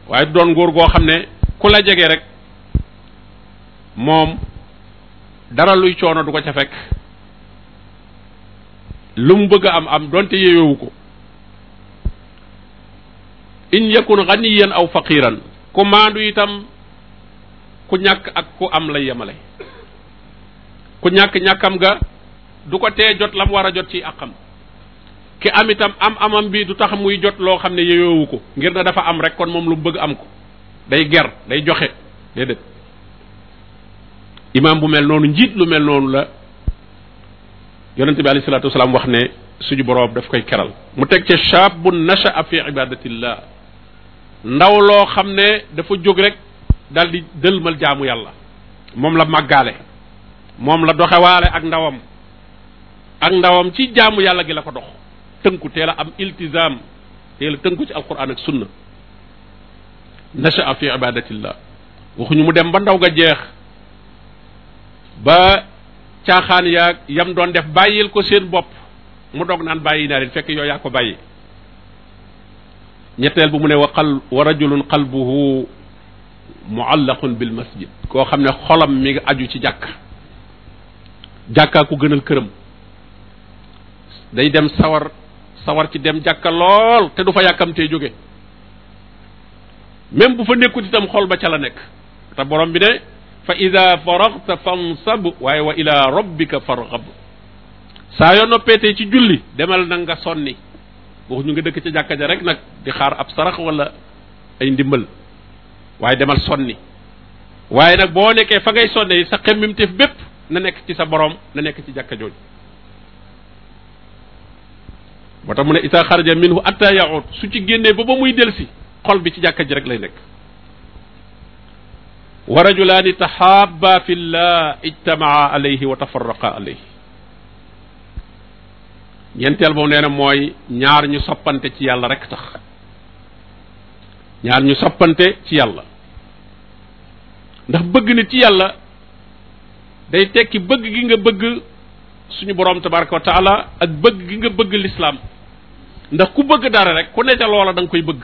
Speaker 1: waaye doon nguur goo xam ne ku la jege rek moom dara luy coono du ko ca fekk lu mu bëgg a am am doonte yeewewu ko in yakun ganiyan aw faqiran ku maandu itam ku ñàkk ak ku am lay yemale ku ñàkk ñàkkam ga du ko tee jot lam war a jot ci àqam ki am itam am amam bi du tax muy jot loo xam ne yeyoowu ko ngir na dafa am rek kon moom lu bëgg am ko day ger day joxe déedéet imaam bu mel noonu njiit lu mel noonu la yonente bi alayhi salaatu wasalaam wax ne suñu boroom daf koy keral mu teg ca shaabun nasha'a fi ibadatillah ndaw loo xam ne dafa jóg rek dal di dëlmal jaamu yàlla moom la màggaale moom la doxewaale ak ndawam ak ndawam ci jaamu yàlla gi la ko dox tënku teel a am iltizaam teel a tënku ci alquran ak sunna nasha fi ibadatillah waxuñu mu dem ba ndaw ga jeex ba caaxaan yaag yam doon def bàyyil ko seen bopp mu doog naan bàyyi naa leen fekk yooyu yaa ko bàyyi ñetteel bu mu ne wa qal wa rajulun qalbuhu muallaqun bil masjid koo xam ne xolam mi aju ci jàkk jàkkaa gënal këram day dem sawar sawar ci dem jàkka lool te du fa yàkkamtee jóge même bu fa nekkut itam xol ba ca la nekk te borom bi ne fa ida faraxta fansab waaye wa ila rabbika farxab saa yoo noppeetee ci julli demal na nga sonni wax ñu nga dëkk ca jàkka ja rek nag di xaar ab sarax wala ay ndimbal waaye demal sonni waaye nag boo nekkee fa ngay sonne sa xemmimteef bépp na nekk ci sa borom na nekk ci jàkka jooju moo mu ne isa xaraja minhu atta yaud su ci génnee ba ba muy delsi xol bi ci jàkka ji rek lay nekk wa rajulaani taxaaba fi llah ijtamaa alayhi wa tafaraqa alayhi ñeenteel boobu nee na mooy ñaar ñu soppante ci yàlla rek tax ñaar ñu soppante ci yàlla ndax bëgg na ci yàlla day tekki bëgg gi nga bëgg suñu borom tabaraka wa ak bëgg gi nga bëgg lislaam ndax ku bëgg dara rek ku ne ca loola da koy bëgg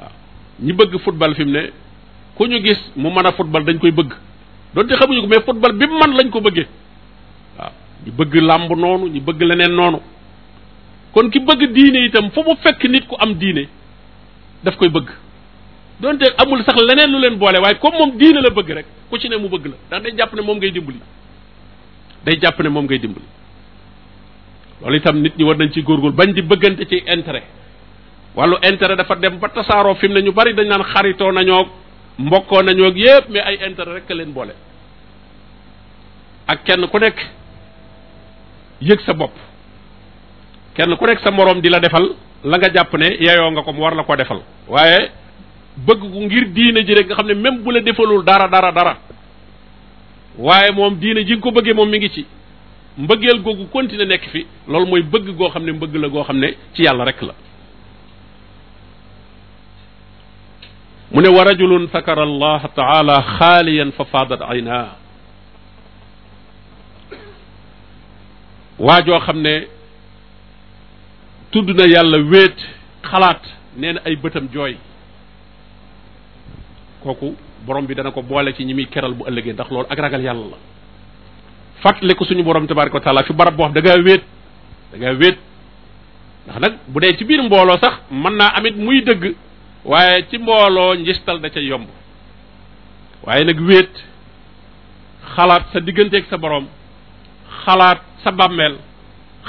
Speaker 1: waaw ñi bëgg football fi mu ne ku ñu gis mu mën a football dañ koy bëgg donte xamuñu ko mais football bi man lañ ko bëggee waaw ñu bëgg làmb noonu ñu bëgg leneen noonu kon ki bëgg diine itam fu mu fekk nit ku am diine daf koy bëgg donte amul sax leneen lu leen boole waaye comme moom diine la bëgg rek ku ci ne mu bëgg la ndax day jàpp ne moom ngay dimbali day jàpp ne moom ngay dimbali loolu itam nit ñi war nañ ci góor góorgóorlu bañ di bëggante ci intérêt wallu intérêt dafa dem ba tasaaroo fi mu ne ñu bari dañ naan xaritoo nañoo mbokkoo nañoo yépp mais ay intérêt rek ka leen boole ak kenn ku nekk yëg sa bopp kenn ku nekk sa moroom di la defal la nga jàpp ne yeyoo nga ko mu war la ko defal bëgg ko ngir diine ji rek nga xam ne même bu la defalul dara dara dara waaye moom diine ji nga ko bëggee moom mi ngi ci mbëggeel googu continuer nekk fi loolu mooy bëgg goo xam ne mbëgg la goo xam ne ci yàlla rek la mu ne wa rajulun sakara allah taala xaaliyan fa faadat ayna waa joo xam ne tudd na yàlla wéet xalaat nee na ay bëtam jooy kooku borom bi dana ko boole ci ñi muy keral bu ëllëgee ndax loolu ak ragal yàlla la fàttali ko suñu borom tabaraka wa taala fi barab boo xam da ngaa wéet da wéet ndax nag bu dee ci biir mbooloo sax mën naa amit muy dëgg waaye ci mbooloo njistal da ca yomb waaye nag wéet xalaat sa digganteeg sa boroom xalaat sa bàmmeel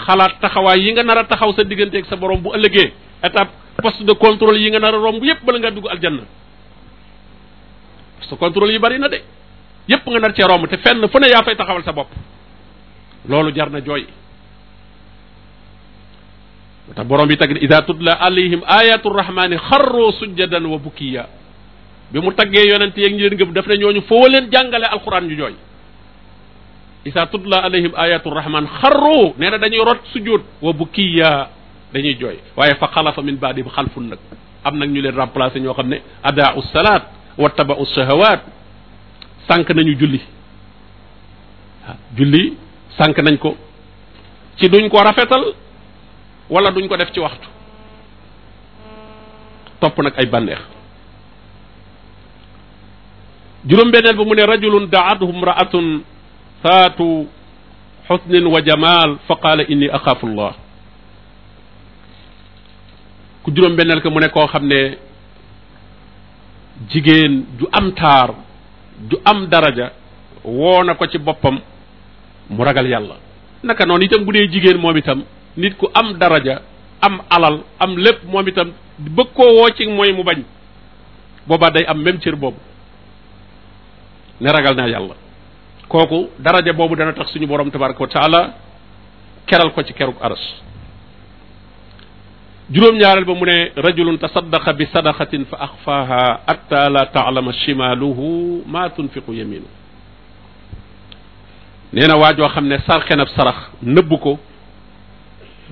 Speaker 1: xalaat taxawaay yi nga nar a taxaw sa digganteeg sa borom bu ëllëgee étape poste de contrôle yi nga nar romb yépp bala ngaa dugg aljanna parce que contrôle yi bari na de yépp nga nar cee romb te fenn fu ne yaa fay taxawal sa bopp loolu jar na jooy moo tax borom bi tag ne ida tutla alayhim ayatu rahmani xarroo sujjadan wa bukiya bi mu taggee yonent yeeg ñi leen gëm daf ne ñooñu foo leen jàngale alquran ñu jooy isa tutla alayhim ayatu rahman xarroo nee na dañuy rot sujjóot wa bukiya dañuy jooy waaye fa xalafa min baadim xalfun nag am nag ñu leen remplacé ñoo xam ne adaa salaat wattaba'u shahawaat sànq nañu julli julli sànq nañ ko ci duñ ko rafetal wala duñ ko def ci waxtu topp nag ay bànneex juróom-benneel bi mu ne rajulun da'athu imra'atun saatu xusnin wa jamaal fa qaala inni axaafu llah ku juróom-benneel mu ne koo xam ne jigéen ju am taar ju am daraja woo na ko ci boppam mu ragal yàlla naka noonu itam bu dee jigéen moom itam nit ku am daraja am alal am lépp moom itam bëgg koo woo ci mooy mu bañ boobaa day am même cër boobu ne ragal naa yàlla kooku daraja boobu dana tax suñu borom tabaraka wa taala keral ko ci keruk aras juróom-ñaareel ba mu ne rajulun tasaddaqa bi sadaqatin fa axfaaha atta la taalama shimaaluhu ma tunfiqu yaminu nee na joo xam ne sarxenab sarax nëbb ko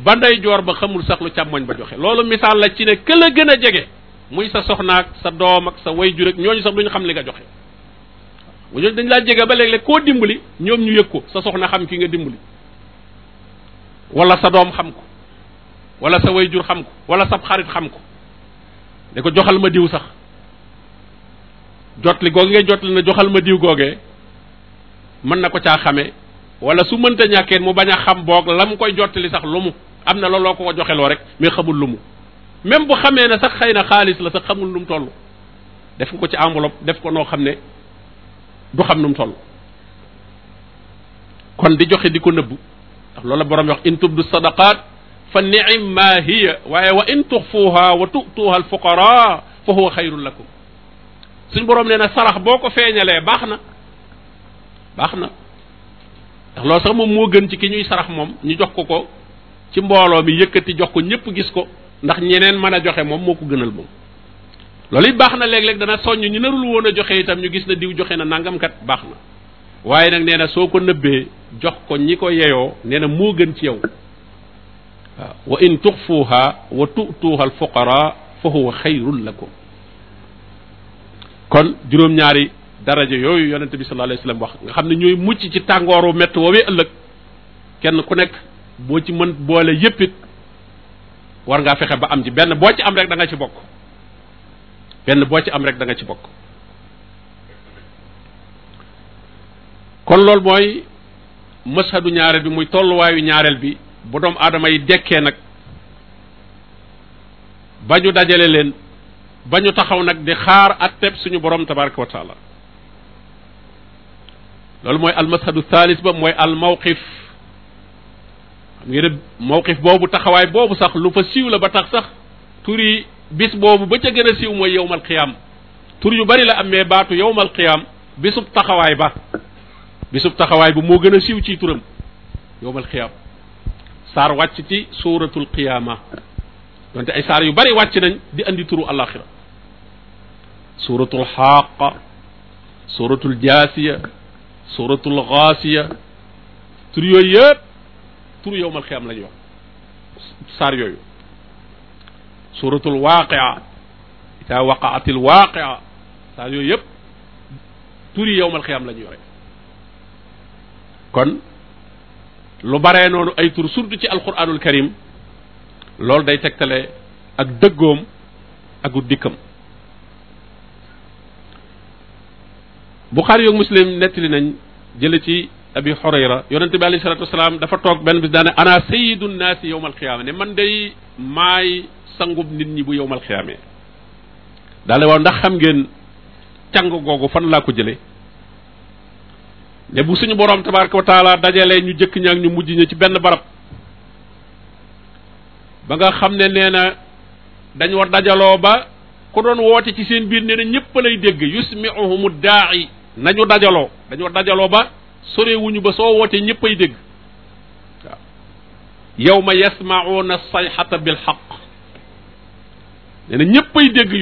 Speaker 1: ba ndey joor ba xamul sax lu càmmoñ ba joxe loolu misaal la ci ne ke la gën a jege muy sa soxnaak sa doom ak sa way ju rek ñooñu sax duñu xam li nga joxe bu ñooñu dañ laa jege ba léeg-léeg koo dimbali ñoom ñu yëg ko sa soxna xam ki nga dimbali wala sa doom xam ko wala sa jur xam ko wala sab xarit xam ko ne ko joxal ma diw sax jotli googe ngay jotli na joxal ma diw googee mën na ko caa xame wala su mënta ñàkkeen mu bañ a xam boog la mu koy jottali sax lu mu am na looloo ko ko joxeloo rek mais xamul lu mu même bu xamee ne sax xëy na xaalis la sa xamul lu mu toll def nga ko ci enveloppe def ko noo xam ne du xam nu mu toll kon di joxe di ko nëbbu ndax loolu la borom wax in tubdu sadaqaat fa niim ma hiya waaye wa in tuxfuuha wa tu'tuuha alfuqara fa huwa la ko suñ boroom nee na sarax boo ko feeñalee baax na baax na ndax loolu sax moom moo gën ci ki ñuy sarax moom ñu jox ko ko ci mbooloo mi yëkkati jox ko ñépp gis ko ndax ñeneen mën a joxe moom moo ko gënal moom loolu it baax na léeg-léeg dana soññ ñu narul woon a joxe itam ñu gis na diw joxe na nangamkat baax na waaye nag nee na soo ko nëbbee jox ko ñi ko yeyoo nee na moo gën ci yow waaw wa in tuxfuuha wa tu'tuuha al fuqara fa huwa xayrun lakum kon juróom-ñaari daraja yooyu yonente bi sallallahu alayhi wasallam wax nga xam ne ñooy mucc ci tàngooru mett woowee ëllëg kenn ku nekk boo ci mën boole yépp it war ngaa fexe ba am ci benn boo ci am rek danga ci bokk benn boo ci am rek da ci bokk kon loolu mooy mashadu ñaareel bi muy tolluwaayu ñaareel bi bu doomu aadama yi dekkee nag ba ñu dajale leen ba ñu taxaw nag di xaar atteb suñu borom tabaraka wa loolu mooy almashadu thalis ba mooy almawqif xam ngeen mawqif boobu taxawaay boobu sax lu fa siiw la ba tax sax turi bis boobu ba ca gën a siiw mooy yowmal qiyaam tur yu bari la amee baatu yowmal qiyaam bisub taxawaay ba bisub taxawaay bu moo gën a siiw ci turam yowmal qiyaam saar wàcc ci suuratul qiyaama donte ay saar yu bari wàcc nañ di andi turu alaxira suuratul xaaqa suuratul jaasiya suuratul xaasiya tur yooyu yëpp tur yowmal qiyaam la ñuy wax saar yooyu suuratul waaqia ida waqaatil waaqia saar yooyu yëpp tur yi yowmal qiyaam la ñuy yore kon lu baree noonu ay tur surtout ci alquranul karim loolu day tegtale ak dëggoom aku dikkam buxaari yoog muslim nettali nañ jële ci abi xurayra yonente bi alayhi salatu wasalaam dafa toog benn bis daane ana sayidu nnaasi yowma alqiyaama ne man day maay sangub nit ñi bu yowma alqiyaama daal ne waaw ndax xam ngeen càng googu fan laa ko jële ne bu suñu borom tabaraka wa taala dajalee ñu jëkk ña ñu mujj ña ci benn barab ba nga xam ne nee na dañoo dajaloo ba ku doon woote ci seen biir nee na ñépp lay dégg yusmiuhumu daa'i nañu dajaloo dañoo dajaloo ba sorewuñu ba soo wootee ñépp ay dégg ma yawma yasma'una sayhata bil haqq nee na ñépp dégg